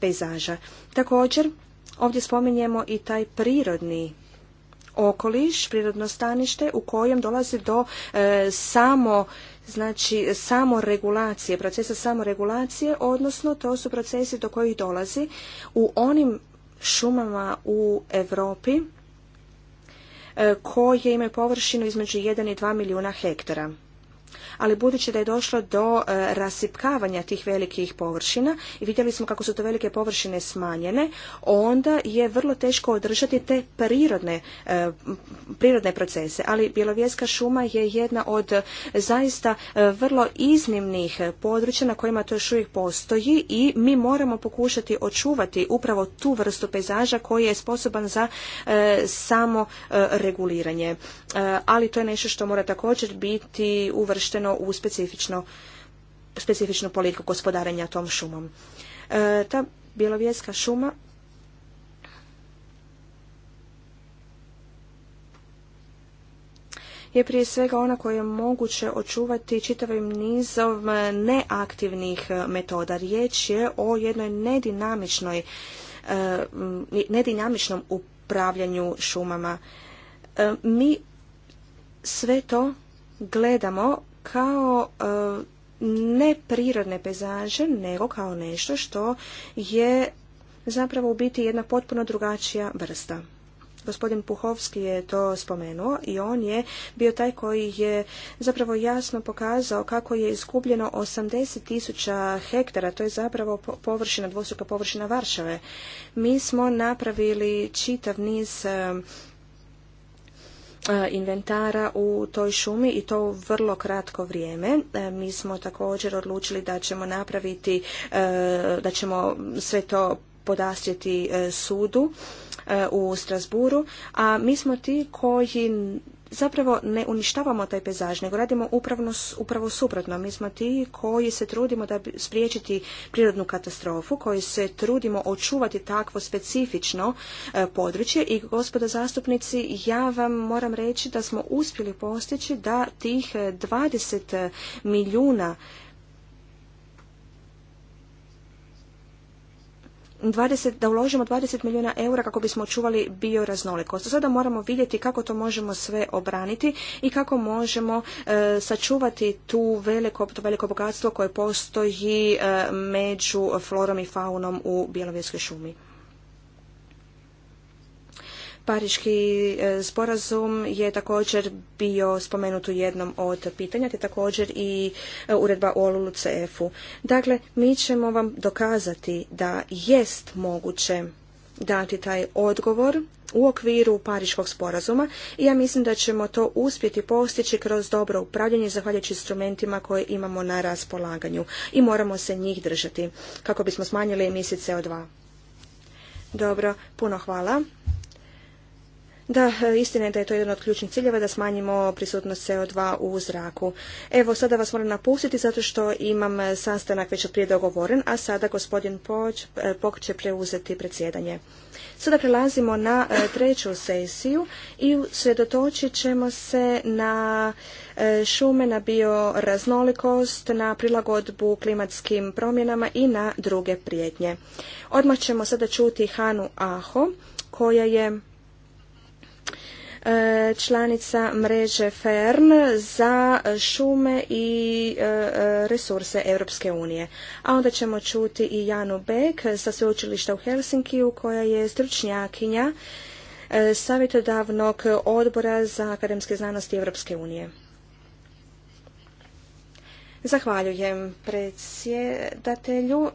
pejzaža. Također, ovdje spominjemo i taj prirodni okoliš, prirodno stanište u kojem dolazi do e, samo znači samoregulacije, procesa samoregulacije, odnosno to su procesi do kojih dolazi u onim šumama u Europi e, koje imaju površinu između 1 i 2 milijuna hektara ali budući da je došlo do e, rasipkavanja tih velikih površina i vidjeli smo kako su to velike površine smanjene, onda je vrlo teško održati te prirodne, e, prirodne procese. Ali Bjelovijeska šuma je jedna od e, zaista vrlo iznimnih područja na kojima to još uvijek postoji i mi moramo pokušati očuvati upravo tu vrstu pejzaža koji je sposoban za samo reguliranje. Ali to je nešto što mora također biti uvršeno uvršteno u specifično, specifičnu politiku gospodarenja tom šumom. E, ta bjelovijeska šuma je prije svega ona koja je moguće očuvati čitavim nizom neaktivnih e, metoda. Riječ je o jednoj nedinamičnoj, e, nedinamičnom upravljanju šumama. mi sve to gledamo kao e, ne prirodne pezaže, nego kao nešto što je zapravo u biti jedna potpuno drugačija vrsta. Gospodin Puhovski je to spomenuo i on je bio taj koji je zapravo jasno pokazao kako je izgubljeno 80 tisuća hektara, to je zapravo površina, dvostruka površina Varšave. Mi smo napravili čitav niz E, inventara u toj šumi i to u vrlo kratko vrijeme. E, mi smo također odlučili da ćemo napraviti, e, da ćemo sve to podastjeti sudu u Strasburu, a mi smo ti koji zapravo ne uništavamo taj pezaž, nego radimo upravo suprotno. Mi smo ti koji se trudimo da spriječiti prirodnu katastrofu, koji se trudimo očuvati takvo specifično e, područje i gospodo zastupnici, ja vam moram reći da smo uspjeli postići da tih 20 e, e, milijuna 20, da uložimo 20 milijuna eura kako bismo očuvali bioraznolikost. Sada moramo vidjeti kako to možemo sve obraniti i kako možemo e, sačuvati tu veliko, to veliko bogatstvo koje postoji e, među florom i faunom u Bjelovijskoj šumi. Pariški e, sporazum je također bio spomenut u jednom od pitanja, te također i e, uredba o LULUCF-u. Dakle, mi ćemo vam dokazati da jest moguće dati taj odgovor u okviru Pariškog sporazuma i ja mislim da ćemo to uspjeti postići kroz dobro upravljanje zahvaljujući instrumentima koje imamo na raspolaganju i moramo se njih držati kako bismo smanjili emisije CO2. Dobro, puno hvala. Da, istina je da je to jedan od ključnih ciljeva da smanjimo prisutnost CO2 u zraku. Evo, sada vas moram napustiti zato što imam sastanak već od prije dogovoren, a sada gospodin eh, Pok će preuzeti predsjedanje. Sada prelazimo na eh, treću sesiju i sredotočit ćemo se na eh, šume, na bioraznolikost, na prilagodbu klimatskim promjenama i na druge prijetnje. Odmah ćemo sada čuti Hanu Aho, koja je E, članica mreže FERN za šume i e, e, resurse Europske unije. A onda ćemo čuti i Janu Beck sa sveučilišta u Helsinkiju koja je stručnjakinja savjetodavnog odbora za akademske znanosti Europske unije. Zahvaljujem predsjedatelju.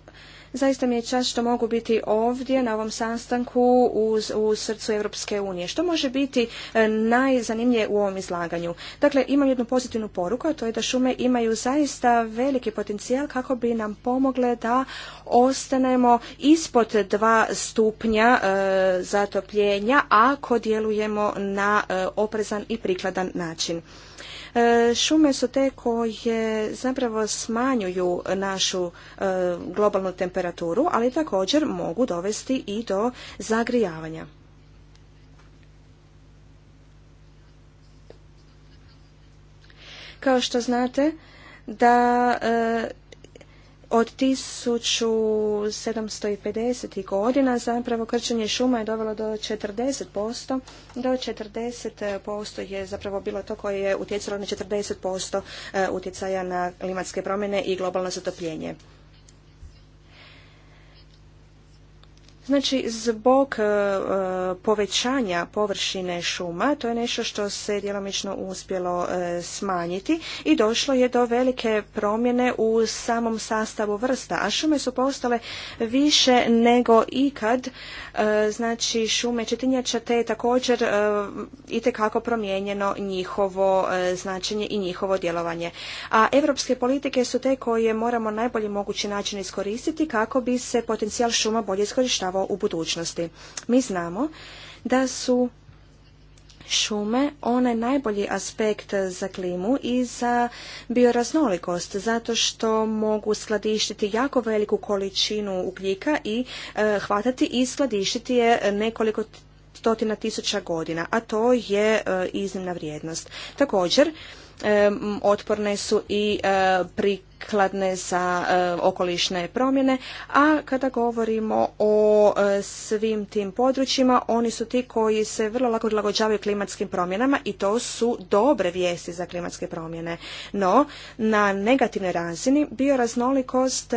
Zaista mi je čast što mogu biti ovdje na ovom sastanku u srcu Europske unije. Što može biti e, najzanimljivije u ovom izlaganju? Dakle, imam jednu pozitivnu poruku, a to je da šume imaju zaista veliki potencijal kako bi nam pomogle da ostanemo ispod dva stupnja e, zatopljenja ako djelujemo na e, oprezan i prikladan način. E, šume su te koje zapravo smanjuju našu e, globalnu temperaturu, ali također mogu dovesti i do zagrijavanja. Kao što znate, da e, od 1750. godina zapravo krčenje šuma je dovelo do 40%. Do 40% je zapravo bilo to koje je utjecalo na 40% e, utjecaja na klimatske promjene i globalno zatopljenje. Znači, zbog e, e, povećanja površine šuma, to je nešto što se djelomično uspjelo e, smanjiti i došlo je do velike promjene u samom sastavu vrsta, a šume su postale više nego ikad. znači, šume četinjača te je također itekako promijenjeno njihovo značenje i njihovo djelovanje. A europske politike su te koje moramo najbolji mogući način iskoristiti kako bi se potencijal šuma bolje iskorištavao u budućnosti. Mi znamo da su šume onaj najbolji aspekt za klimu i za bioraznolikost zato što mogu skladištiti jako veliku količinu ugljika i e, hvatati i skladištiti je nekoliko stotina tisuća godina, a to je e, iznimna vrijednost. Također, e, otporne su i pri prikladne za e, okolišne promjene, a kada govorimo o e, svim tim područjima, oni su ti koji se vrlo lako prilagođavaju klimatskim promjenama i to su dobre vijesti za klimatske promjene. No, na negativnoj razini bioraznolikost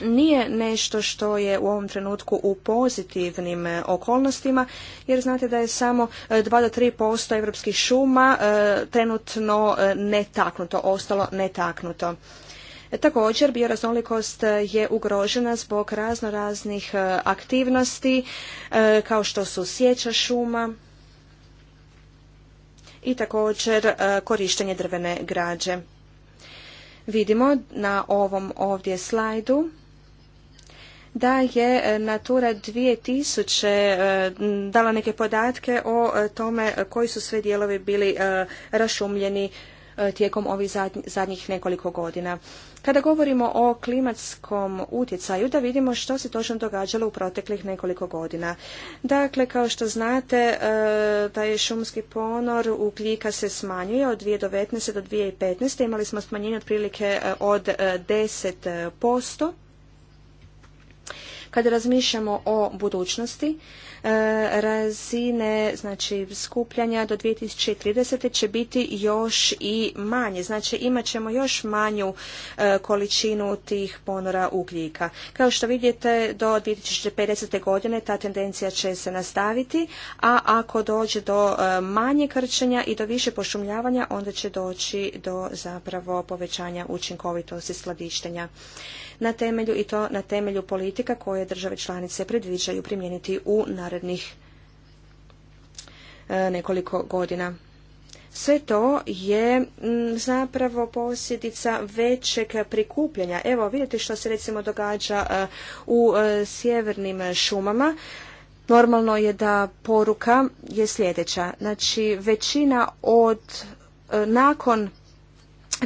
nije nešto što je u ovom trenutku u pozitivnim e, okolnostima jer znate da je samo 2 e, do 3% europskih šuma e, trenutno netaknuto, ostalo netaknuto. Također, bioraznolikost je ugrožena zbog razno raznih aktivnosti kao što su sjeća šuma i također korištenje drvene građe. Vidimo na ovom ovdje slajdu da je e, Natura 2000 e, dala neke podatke o e, tome koji su sve dijelovi bili rašumljeni tijekom ovih zadnjih nekoliko godina. Kada govorimo o klimatskom utjecaju, da vidimo što se točno događalo u proteklih nekoliko godina. Dakle, kao što znate, da je šumski ponor ugljika se smanjuje od 2019. do 2015. Imali smo smanjenje otprilike od 10%. Kada razmišljamo o budućnosti, e, razine znači skupljanja do 2030. će biti još i manje. Znači imat ćemo još manju e, količinu tih ponora ugljika. Kao što vidite do 2050. godine ta tendencija će se nastaviti, a ako dođe do e, manje krčenja i do više pošumljavanja onda će doći do zapravo povećanja učinkovitosti skladištenja na temelju i to na temelju politika koje države članice predviđaju primijeniti u narednih e, nekoliko godina. Sve to je zapravo posljedica većeg prikupljanja. Evo vidite što se recimo događa e, u e, sjevernim šumama. Normalno je da poruka je sljedeća. Znači većina od nakon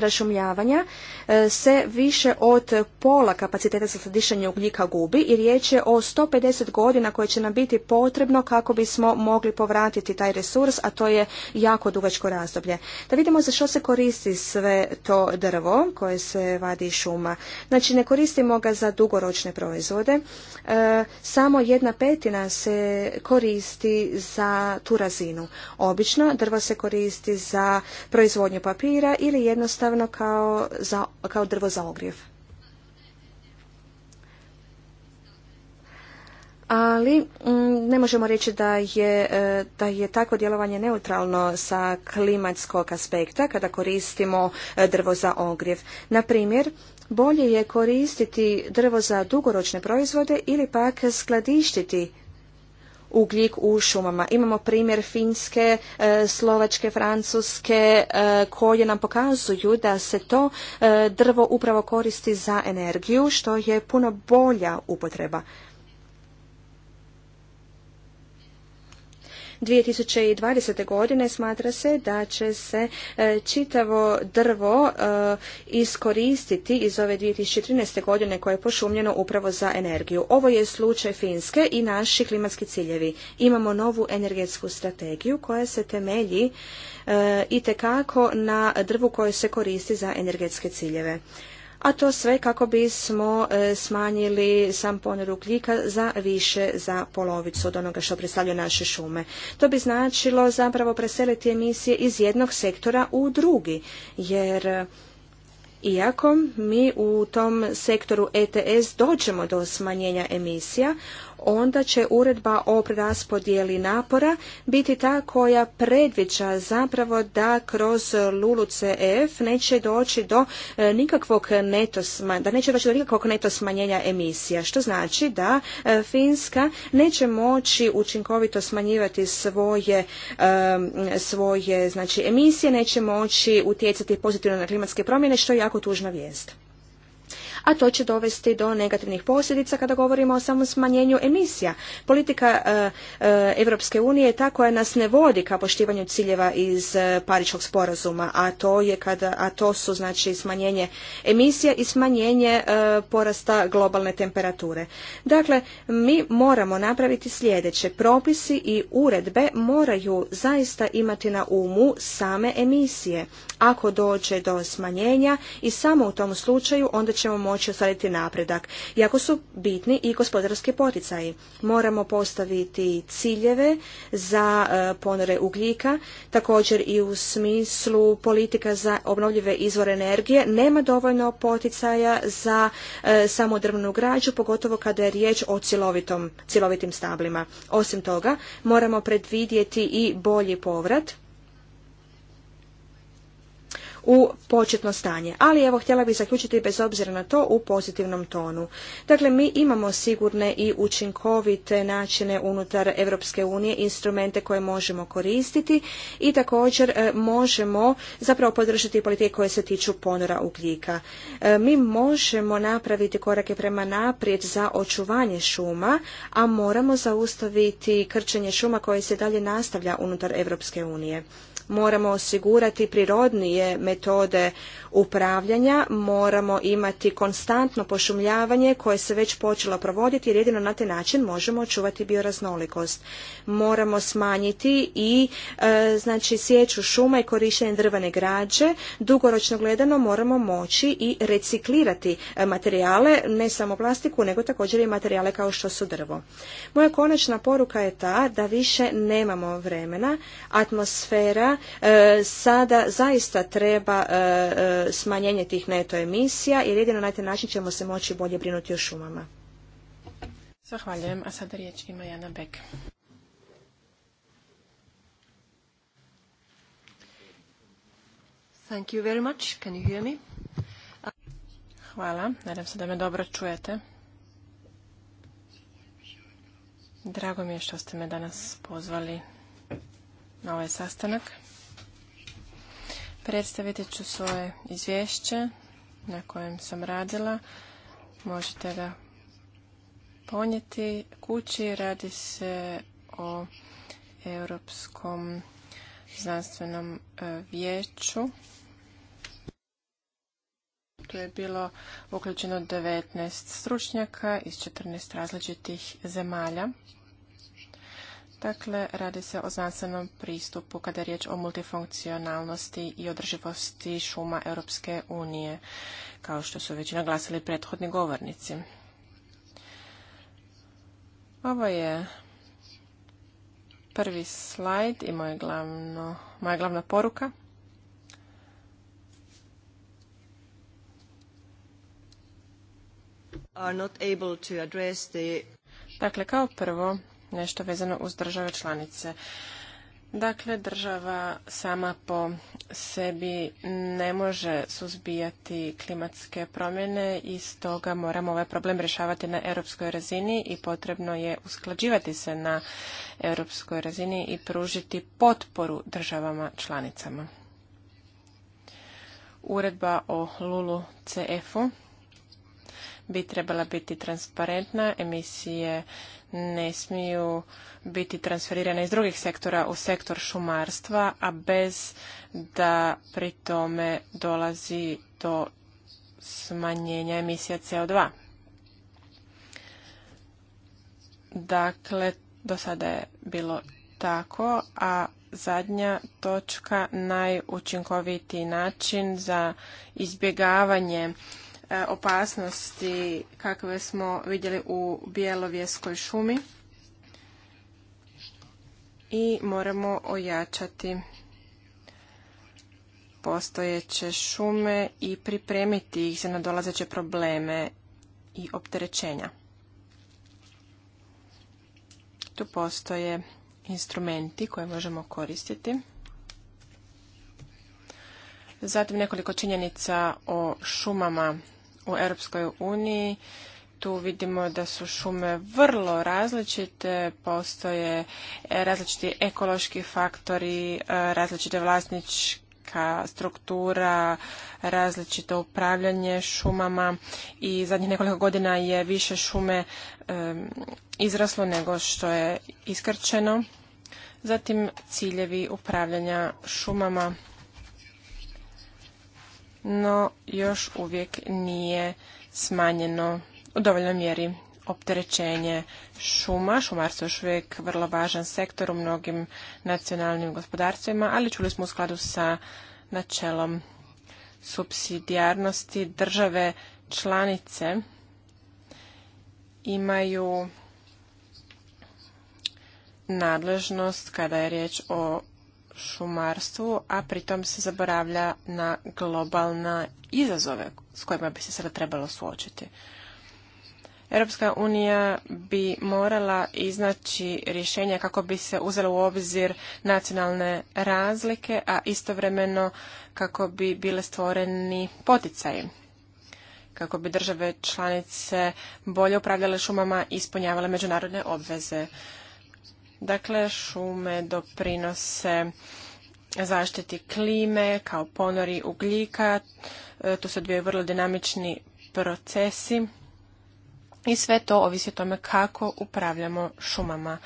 rašumljavanja e, se više od pola kapaciteta za sladišanje ugljika gubi i riječ je o 150 godina koje će nam biti potrebno kako bismo mogli povratiti taj resurs, a to je jako dugačko razdoblje. Da vidimo za što se koristi sve to drvo koje se vadi iz šuma. Znači ne koristimo ga za dugoročne proizvode, e, samo jedna petina se koristi za tu razinu. Obično drvo se koristi za proizvodnju papira ili jednostavno jednostavno kao, za, drvo za ogrjev. ali mm, ne možemo reći da je, e, da je takvo djelovanje neutralno sa klimatskog aspekta kada koristimo e, drvo za ogrjev. Na primjer, bolje je koristiti drvo za dugoročne proizvode ili pak skladištiti ugljik u šumama. Imamo primjer Finske, e, Slovačke, Francuske e, koje nam pokazuju da se to e, drvo upravo koristi za energiju što je puno bolja upotreba. 2020. godine smatra se da će se e, čitavo drvo e, iskoristiti iz ove 2013. godine koje je pošumljeno upravo za energiju. Ovo je slučaj Finske i naši klimatski ciljevi. Imamo novu energetsku strategiju koja se temelji e, i tekako na drvu koje se koristi za energetske ciljeve a to sve kako bismo e, smanjili sam ponor ugljika za više za polovicu od onoga što predstavlja naše šume. To bi značilo zapravo preseliti emisije iz jednog sektora u drugi, jer e, iako mi u tom sektoru ETS dođemo do smanjenja emisija, onda će uredba o preraspodijeli napora biti ta koja predviđa zapravo da kroz LULUCF neće doći do e, nikakvog neto da neće doći do nikakvog neto smanjenja emisija, što znači da e, Finska neće moći učinkovito smanjivati svoje, e, svoje znači, emisije, neće moći utjecati pozitivno na klimatske promjene, što je jako tužna vijest a to će dovesti do negativnih posljedica kada govorimo o samom smanjenju emisija. Politika Europske e, unije je ta koja nas ne vodi ka poštivanju ciljeva iz e, Pariškog sporazuma, a to je kada, a to su znači smanjenje emisija i smanjenje e, porasta globalne temperature. Dakle, mi moramo napraviti sljedeće. Propisi i uredbe moraju zaista imati na umu same emisije. Ako dođe do smanjenja i samo u tom slučaju onda ćemo moći ostvariti napredak. Jako su bitni i gospodarski poticaji. Moramo postaviti ciljeve za e, ponore ugljika, također i u smislu politika za obnovljive izvore energije. Nema dovoljno poticaja za e, samodrvnu građu, pogotovo kada je riječ o cilovitim cjelovitim stablima. Osim toga, moramo predvidjeti i bolji povrat u početno stanje. Ali evo, htjela bih zaključiti bez obzira na to u pozitivnom tonu. Dakle, mi imamo sigurne i učinkovite načine unutar Europske unije, instrumente koje možemo koristiti i također e, možemo zapravo podržati politike koje se tiču ponora ugljika. E, mi možemo napraviti korake prema naprijed za očuvanje šuma, a moramo zaustaviti krčenje šuma koje se dalje nastavlja unutar Europske unije moramo osigurati prirodnije metode upravljanja moramo imati konstantno pošumljavanje koje se već počelo provoditi jer jedino na taj način možemo očuvati bioraznolikost. Moramo smanjiti i e, znači sjeću šuma i korištenje drvene građe. Dugoročno gledano moramo moći i reciklirati e, materijale, ne samo plastiku, nego također i materijale kao što su drvo. Moja konačna poruka je ta da više nemamo vremena. Atmosfera e, sada zaista treba smanjenje tih neto emisija jer jedino na taj način ćemo se moći bolje brinuti o šumama. Zahvaljujem, a sada riječ ima Jana Bek. Thank you very much. Can you hear me? Hvala, nadam se da me dobro čujete. Drago mi je što ste me danas pozvali na ovaj sastanak. Predstaviti ću svoje izvješće na kojem sam radila. Možete ga ponijeti kući. Radi se o Europskom znanstvenom e, vijeću. Tu je bilo uključeno 19 stručnjaka iz 14 različitih zemalja. Dakle, radi se o znanstvenom pristupu kada je riječ o multifunkcionalnosti i održivosti šuma Europske unije, kao što su već naglasili prethodni govornici. Ovo je prvi slajd i moje glavno, moja glavna poruka. able Dakle, kao prvo, nešto vezano uz države članice. Dakle, država sama po sebi ne može suzbijati klimatske promjene i stoga moramo ovaj problem rješavati na europskoj razini i potrebno je usklađivati se na europskoj razini i pružiti potporu državama članicama. Uredba o Lulu CF-u bi trebala biti transparentna, emisije ne smiju biti transferirane iz drugih sektora u sektor šumarstva, a bez da pri tome dolazi do smanjenja emisija CO2. Dakle, do sada je bilo tako, a zadnja točka najučinkovitiji način za izbjegavanje E, opasnosti kakve smo vidjeli u Bjelovjeskoj šumi i moramo ojačati postojeće šume i pripremiti ih za nadolazeće probleme i opterećenja. Tu postoje instrumenti koje možemo koristiti. Zatim nekoliko činjenica o šumama u Europskoj uniji. Tu vidimo da su šume vrlo različite, postoje različiti ekološki faktori, e, različite vlasnička struktura, različito upravljanje šumama i zadnjih nekoliko godina je više šume e, izraslo nego što je iskrčeno. Zatim ciljevi upravljanja šumama no još uvijek nije smanjeno u dovoljnoj mjeri opterećenje šuma. Šumarstvo je još uvijek vrlo važan sektor u mnogim nacionalnim gospodarstvima, ali čuli smo u skladu sa načelom subsidijarnosti države članice imaju nadležnost kada je riječ o šumarstvu, a pritom se zaboravlja na globalne izazove s kojima bi se sada trebalo suočiti. Europska unija bi morala iznaći rješenja kako bi se uzela u obzir nacionalne razlike, a istovremeno kako bi bile stvoreni poticaji kako bi države članice bolje upravljale šumama i ispunjavale međunarodne obveze. Dakle, šume doprinose zaštiti klime kao ponori ugljika. E, tu se dvije vrlo dinamični procesi i sve to ovisi o tome kako upravljamo šumama.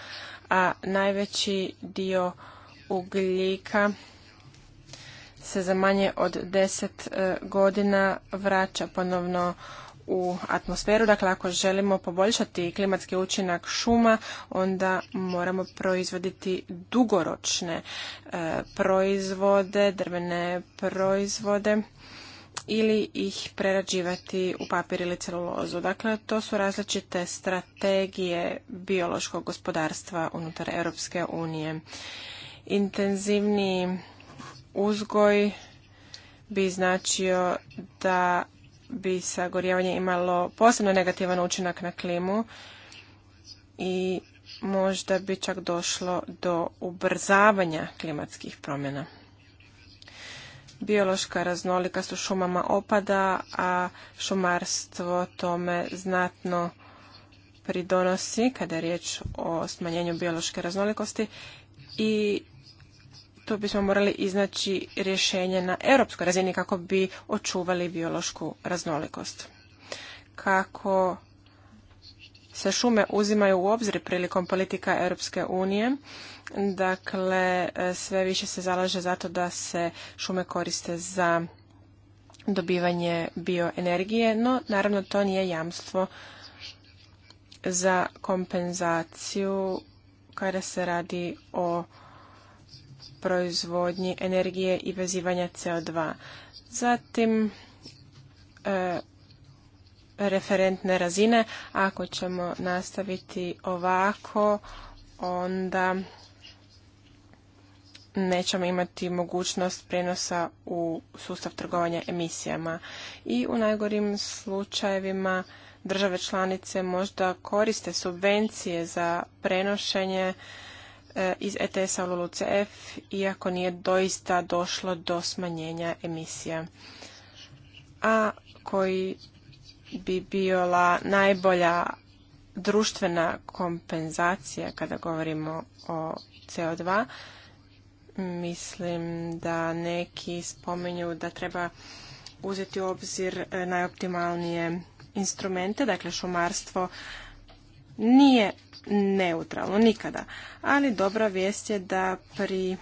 A najveći dio ugljika se za manje od deset e, godina vraća ponovno u atmosferu. Dakle, ako želimo poboljšati klimatski učinak šuma, onda moramo proizvoditi dugoročne e, proizvode, drvene proizvode ili ih prerađivati u papir ili celulozu. Dakle, to su različite strategije biološkog gospodarstva unutar Europske unije. Intenzivni uzgoj bi značio da bi sagorjevanje imalo posebno negativan učinak na klimu i možda bi čak došlo do ubrzavanja klimatskih promjena. Biološka raznolikost u šumama opada, a šumarstvo tome znatno pridonosi kada je riječ o smanjenju biološke raznolikosti i bismo morali iznaći rješenje na europskoj razini kako bi očuvali biološku raznolikost. Kako se šume uzimaju u obzir prilikom politika Europske unije, dakle sve više se zalaže zato da se šume koriste za dobivanje bioenergije, no naravno to nije jamstvo za kompenzaciju kada se radi o proizvodnji energije i vezivanja CO2. Zatim, e, referentne razine. Ako ćemo nastaviti ovako, onda nećemo imati mogućnost prenosa u sustav trgovanja emisijama. I u najgorim slučajevima države članice možda koriste subvencije za prenošenje E, iz ETS-a u LULUCF, iako nije doista došlo do smanjenja emisija, a koji bi bila najbolja društvena kompenzacija kada govorimo o CO2. Mislim da neki spomenju da treba uzeti u obzir e, najoptimalnije instrumente, dakle šumarstvo, nije neutralno nikada. Ali dobra vijest je da pri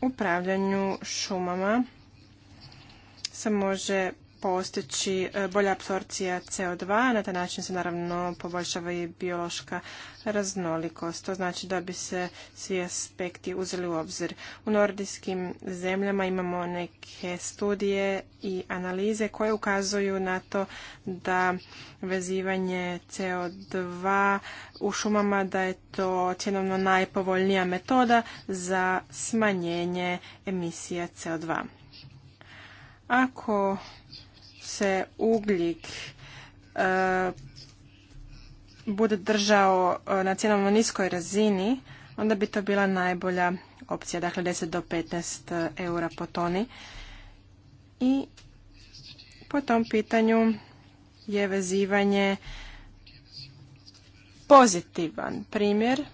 upravljanju šumama se može postići e, bolja apsorpcija CO2, na taj način se naravno poboljšava i biološka raznolikost. To znači da bi se svi aspekti uzeli u obzir. U nordijskim zemljama imamo neke studije i analize koje ukazuju na to da vezivanje CO2 u šumama da je to cjenovno najpovoljnija metoda za smanjenje emisija CO2. Ako se ugljik e, bude držao e, na cijenovno niskoj razini, onda bi to bila najbolja opcija, dakle 10 do 15 e, eura po toni. I po tom pitanju je vezivanje pozitivan primjer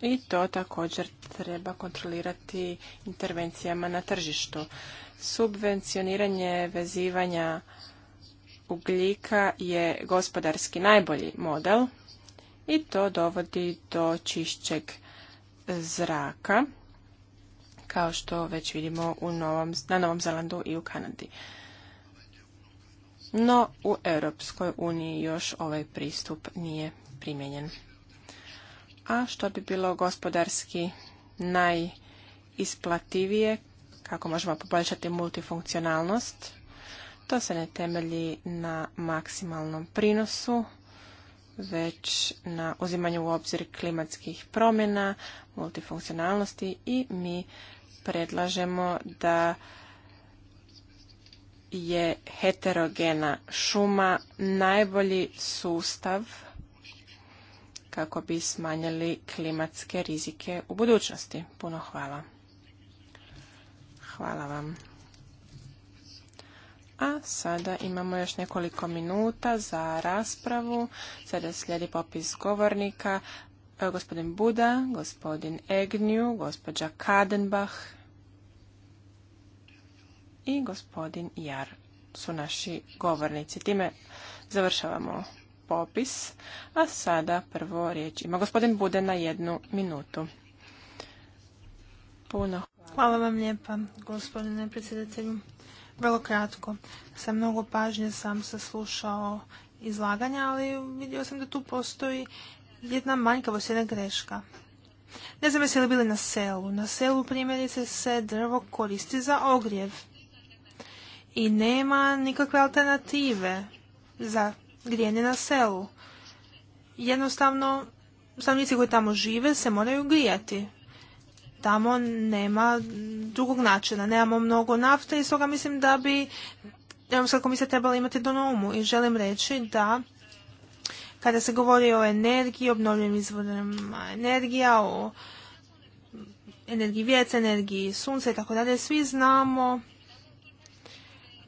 i to također treba kontrolirati intervencijama na tržištu. Subvencioniranje vezivanja ugljika je gospodarski najbolji model i to dovodi do čišćeg zraka, kao što već vidimo u na Novom Zelandu i u Kanadi. No, u Europskoj uniji još ovaj pristup nije primijenjen. A što bi bilo gospodarski najisplativije kako možemo poboljšati multifunkcionalnost. To se ne temelji na maksimalnom prinosu, već na uzimanju u obzir klimatskih promjena, multifunkcionalnosti i mi predlažemo da je heterogena šuma najbolji sustav kako bi smanjili klimatske rizike u budućnosti. Puno hvala. Hvala vam. A sada imamo još nekoliko minuta za raspravu. Sada slijedi popis govornika. E, gospodin Buda, gospodin Egnju, gospođa Kadenbach i gospodin Jar su naši govornici. Time završavamo popis, a sada prvo riječ ima gospodin Bude na jednu minutu. Puno Hvala vam lijepa, gospodine predsjedatelju. Vrlo kratko. Sa mnogo pažnje sam saslušao izlaganja, ali vidio sam da tu postoji jedna manjkavost, jedna greška. Ne znam jesi li bili na selu. Na selu primjerice se drvo koristi za ogrjev. I nema nikakve alternative za grijanje na selu. Jednostavno, stanovnici koji tamo žive se moraju grijati tamo nema drugog načina. Nemamo mnogo nafte i stoga mislim da bi Europska komisija trebala imati do nomu i želim reći da kada se govori o energiji, obnovljivim izvorima energija, o energiji vjeca, energiji sunca i tako dalje, svi znamo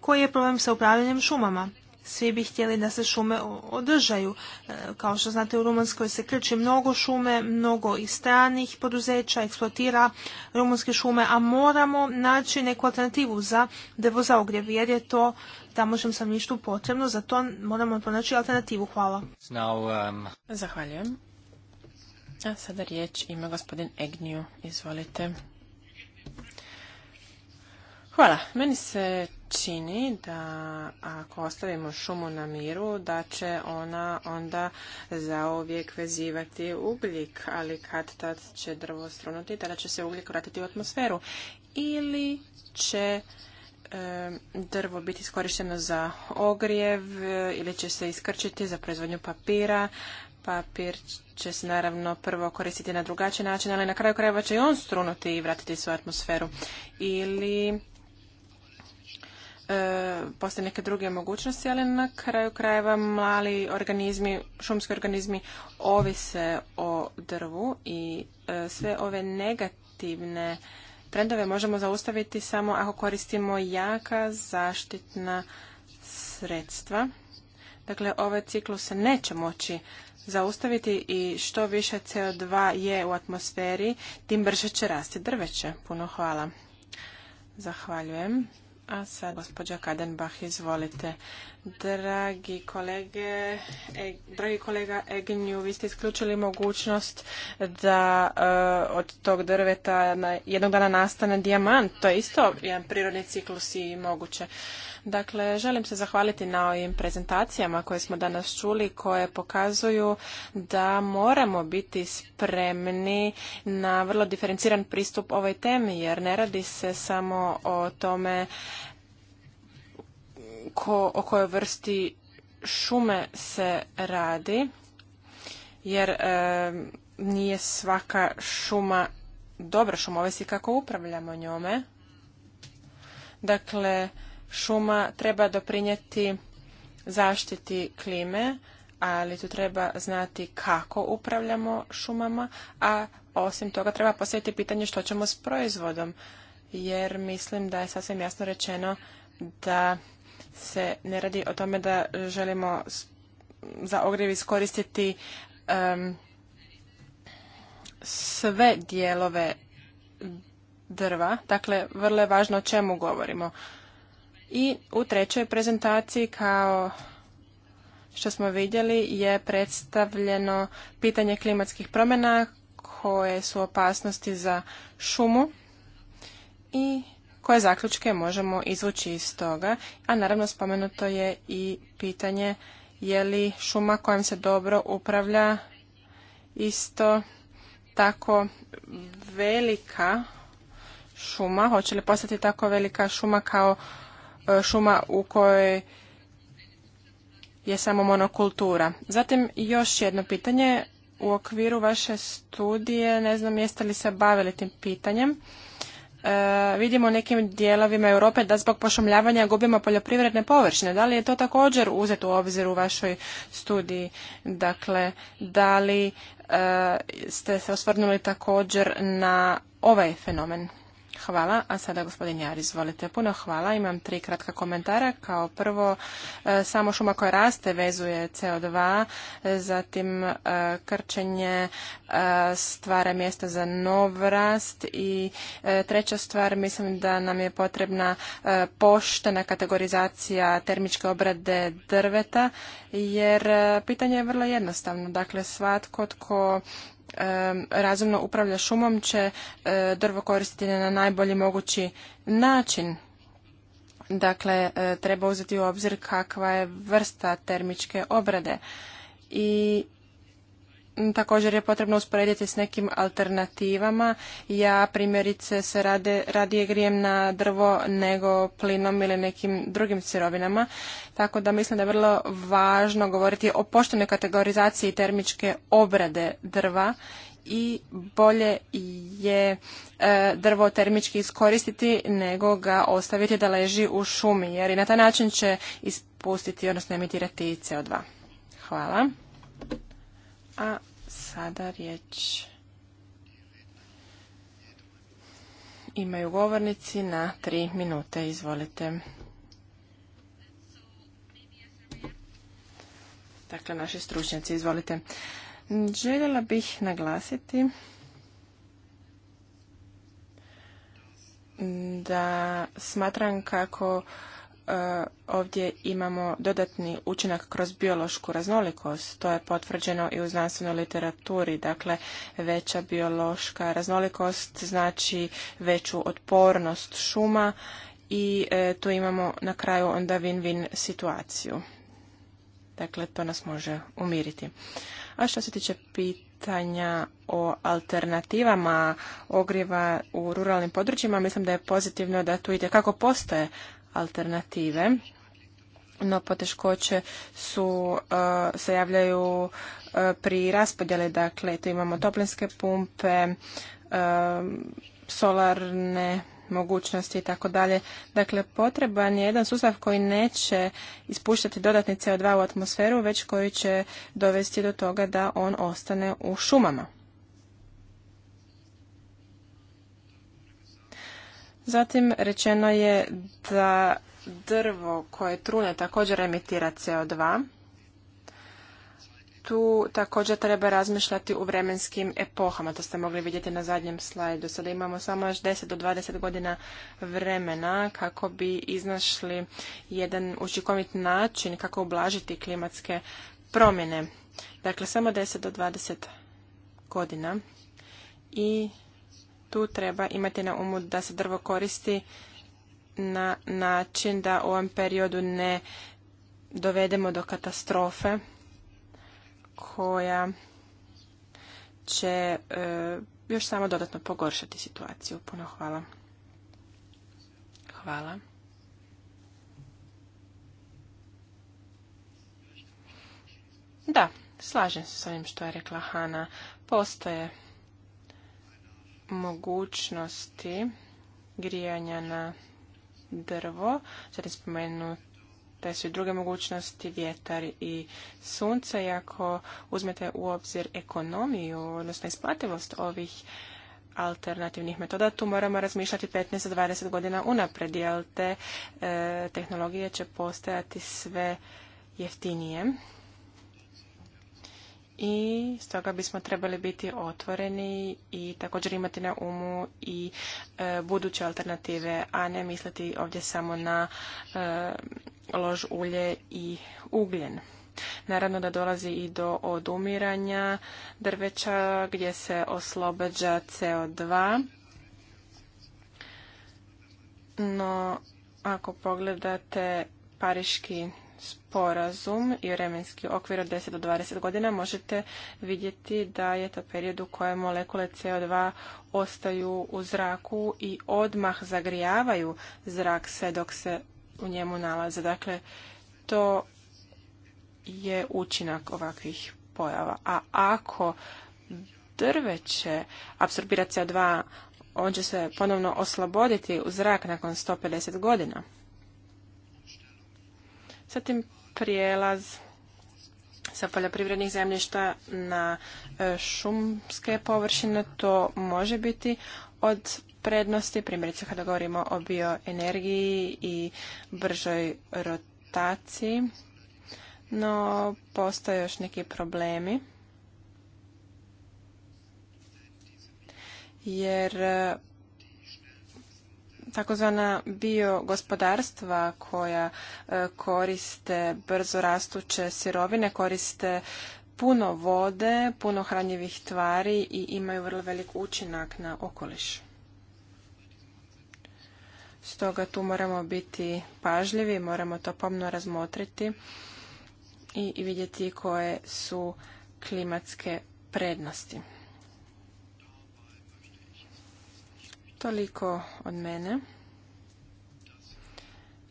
koji je problem sa upravljanjem šumama svi bi htjeli da se šume održaju. E, kao što znate u Rumunskoj se krči mnogo šume, mnogo i stranih poduzeća, eksploatira rumunske šume, a moramo naći neku alternativu za drvo za ogrjev, jer je to sam ništa potrebno, zato moramo pronaći alternativu. Hvala. Um, Zahvaljujem. A sada riječ ima gospodin Egniju. Izvolite. Hvala. Meni se čini da ako ostavimo šumu na miru, da će ona onda zauvijek vezivati ugljik, ali kad tad će drvo strunuti, tada će se ugljik vratiti u atmosferu. Ili će drvo biti iskorišteno za ogrijev ili će se iskrčiti za proizvodnju papira. Papir će se naravno prvo koristiti na drugačiji način, ali na kraju krajeva će i on strunuti i vratiti se u atmosferu. Ili E, postoje neke druge mogućnosti, ali na kraju krajeva mali organizmi, šumski organizmi ovise o drvu i e, sve ove negativne trendove možemo zaustaviti samo ako koristimo jaka zaštitna sredstva. Dakle, ovaj ciklus se neće moći zaustaviti i što više CO2 je u atmosferi, tim brže će rasti drveće. Puno hvala. Zahvaljujem. A sad, gospođa Kadenbach, izvolite. Dragi kolege, e, dragi kolega Egenju, vi ste isključili mogućnost da e, od tog drveta jednog dana nastane dijamant. To je isto jedan prirodni ciklus i moguće. Dakle, želim se zahvaliti na ovim prezentacijama koje smo danas čuli, koje pokazuju da moramo biti spremni na vrlo diferenciran pristup ovoj temi, jer ne radi se samo o tome ko, o kojoj vrsti šume se radi, jer nije svaka šuma dobra šuma, ovisi kako upravljamo njome. Dakle, šuma treba doprinijeti zaštiti klime, ali tu treba znati kako upravljamo šumama, a osim toga treba postaviti pitanje što ćemo s proizvodom, jer mislim da je sasvim jasno rečeno da se ne radi o tome da želimo za ogrjev iskoristiti sve dijelove drva. Dakle, vrlo je važno o čemu govorimo. I u trećoj prezentaciji kao što smo vidjeli je predstavljeno pitanje klimatskih promjena koje su opasnosti za šumu i koje zaključke možemo izvući iz toga. A naravno spomenuto je i pitanje je li šuma kojom se dobro upravlja isto tako velika šuma, hoće li postati tako velika šuma kao E, šuma u kojoj je samo monokultura. Zatim još jedno pitanje. U okviru vaše studije, ne znam jeste li se bavili tim pitanjem, e, vidimo u nekim dijelovima Europe da zbog pošumljavanja gubimo poljoprivredne površine. Da li je to također uzeto u obzir u vašoj studiji? Dakle, da li e, ste se osvrnuli također na ovaj fenomen? Hvala. A sada gospodin Jar, izvolite. Puno hvala. Imam tri kratka komentara. Kao prvo, e, samo šuma koja raste vezuje CO2, zatim e, krčenje e, stvara mjesta za nov rast i treća stvar, mislim da nam je potrebna poštena kategorizacija termičke obrade drveta, jer pitanje je vrlo jednostavno. Dakle, svatko tko razumno upravlja šumom će e, drvo koristiti na najbolji mogući način. Dakle, e, treba uzeti u obzir kakva je vrsta termičke obrade. I također je potrebno usporediti s nekim alternativama. Ja primjerice se rade, radije grijem na drvo nego plinom ili nekim drugim sirovinama, tako da mislim da je vrlo važno govoriti o poštenoj kategorizaciji termičke obrade drva i bolje je e, drvo termički iskoristiti nego ga ostaviti da leži u šumi jer i na taj način će ispustiti odnosno emitirati CO2. Hvala. A sada riječ imaju govornici na tri minute. Izvolite. Dakle, naši stručnjaci, izvolite. Željela bih naglasiti da smatram kako Eh, ovdje imamo dodatni učinak kroz biološku raznolikost. To je potvrđeno i u znanstvenoj literaturi. Dakle, veća biološka raznolikost znači veću otpornost šuma i eh, tu imamo na kraju onda win-win situaciju. Dakle, to nas može umiriti. A što se tiče pitanja o alternativama ogrijeva u ruralnim područjima, mislim da je pozitivno da tu ide kako postoje alternative no poteškoće su e, se javljaju e, pri raspodjeli dakle tu imamo toplinske pumpe e, solarne mogućnosti i tako dalje. Dakle, potreban je jedan sustav koji neće ispuštati dodatni CO2 u atmosferu, već koji će dovesti do toga da on ostane u šumama. Zatim rečeno je da drvo koje trune također emitira CO2. Tu također treba razmišljati u vremenskim epohama, to ste mogli vidjeti na zadnjem slajdu. Sada imamo samo još 10 do 20 godina vremena kako bi iznašli jedan učinkovit način kako ublažiti klimatske promjene. Dakle, samo 10 do 20 godina i tu treba imati na umu da se drvo koristi na način da u ovom periodu ne dovedemo do katastrofe koja će e, još samo dodatno pogoršati situaciju. Puno hvala. Hvala. Da, slažem se s onim što je rekla Hana. Postoje mogućnosti grijanja na drvo, spomenu da su i druge mogućnosti, vjetar i sunce. I ako uzmete u obzir ekonomiju, odnosno isplativost ovih alternativnih metoda, tu moramo razmišljati 15 20 godina unaprijed, jer te e, tehnologije će postajati sve jeftinije i stoga bismo trebali biti otvoreni i također imati na umu i e, buduće alternative, a ne misliti ovdje samo na e, lož ulje i ugljen. Naravno da dolazi i do odumiranja drveća gdje se oslobađa CO2. No, ako pogledate pariški sporazum i vremenski okvir od 10 do 20 godina možete vidjeti da je to period u kojem molekule CO2 ostaju u zraku i odmah zagrijavaju zrak sve dok se u njemu nalaze. Dakle, to je učinak ovakvih pojava. A ako drveće apsorbira CO2, on će se ponovno osloboditi u zrak nakon 150 godina. Zatim prijelaz sa poljoprivrednih zemljišta na e, šumske površine, to može biti od prednosti, primjerice kada govorimo o bioenergiji i bržoj rotaciji, no postoje još neki problemi. Jer e, takozvana biogospodarstva koja e, koriste brzo rastuće sirovine, koriste puno vode, puno hranjivih tvari i imaju vrlo velik učinak na okoliš. Stoga tu moramo biti pažljivi, moramo to pomno razmotriti i vidjeti koje su klimatske prednosti. Toliko od mene.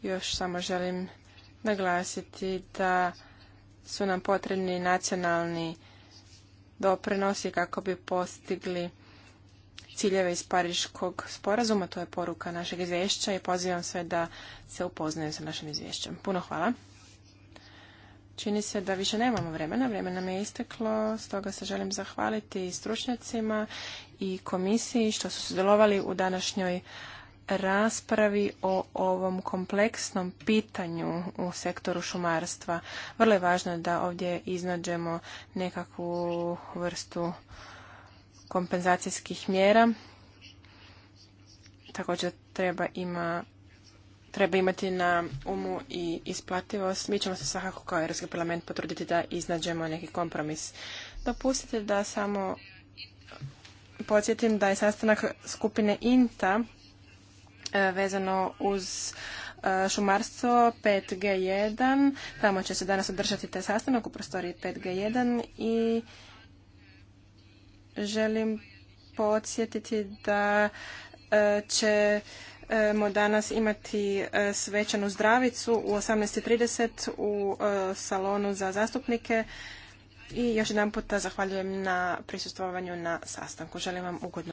Još samo želim naglasiti da su nam potrebni nacionalni doprinosi kako bi postigli ciljeve iz Pariškog sporazuma. To je poruka našeg izvješća i pozivam sve da se upoznaju sa našim izvješćem. Puno hvala. Čini se da više nemamo vremena, vrijeme nam je isteklo, stoga se želim zahvaliti i stručnjacima i komisiji što su sudjelovali u današnjoj raspravi o ovom kompleksnom pitanju u sektoru šumarstva. Vrlo je važno da ovdje iznađemo nekakvu vrstu kompenzacijskih mjera. Također treba ima treba imati na umu i isplativost. Mi ćemo se svakako kao Europski parlament potruditi da iznađemo neki kompromis. Dopustite da samo podsjetim da je sastanak skupine INTA e, vezano uz e, šumarstvo 5G1. Tamo će se danas održati taj sastanak u prostoriji 5G1 i želim podsjetiti da e, će ćemo danas imati e, svečanu zdravicu u 18.30 u e, salonu za zastupnike i još jedan puta zahvaljujem na prisustvovanju na sastanku. Želim vam ugodno.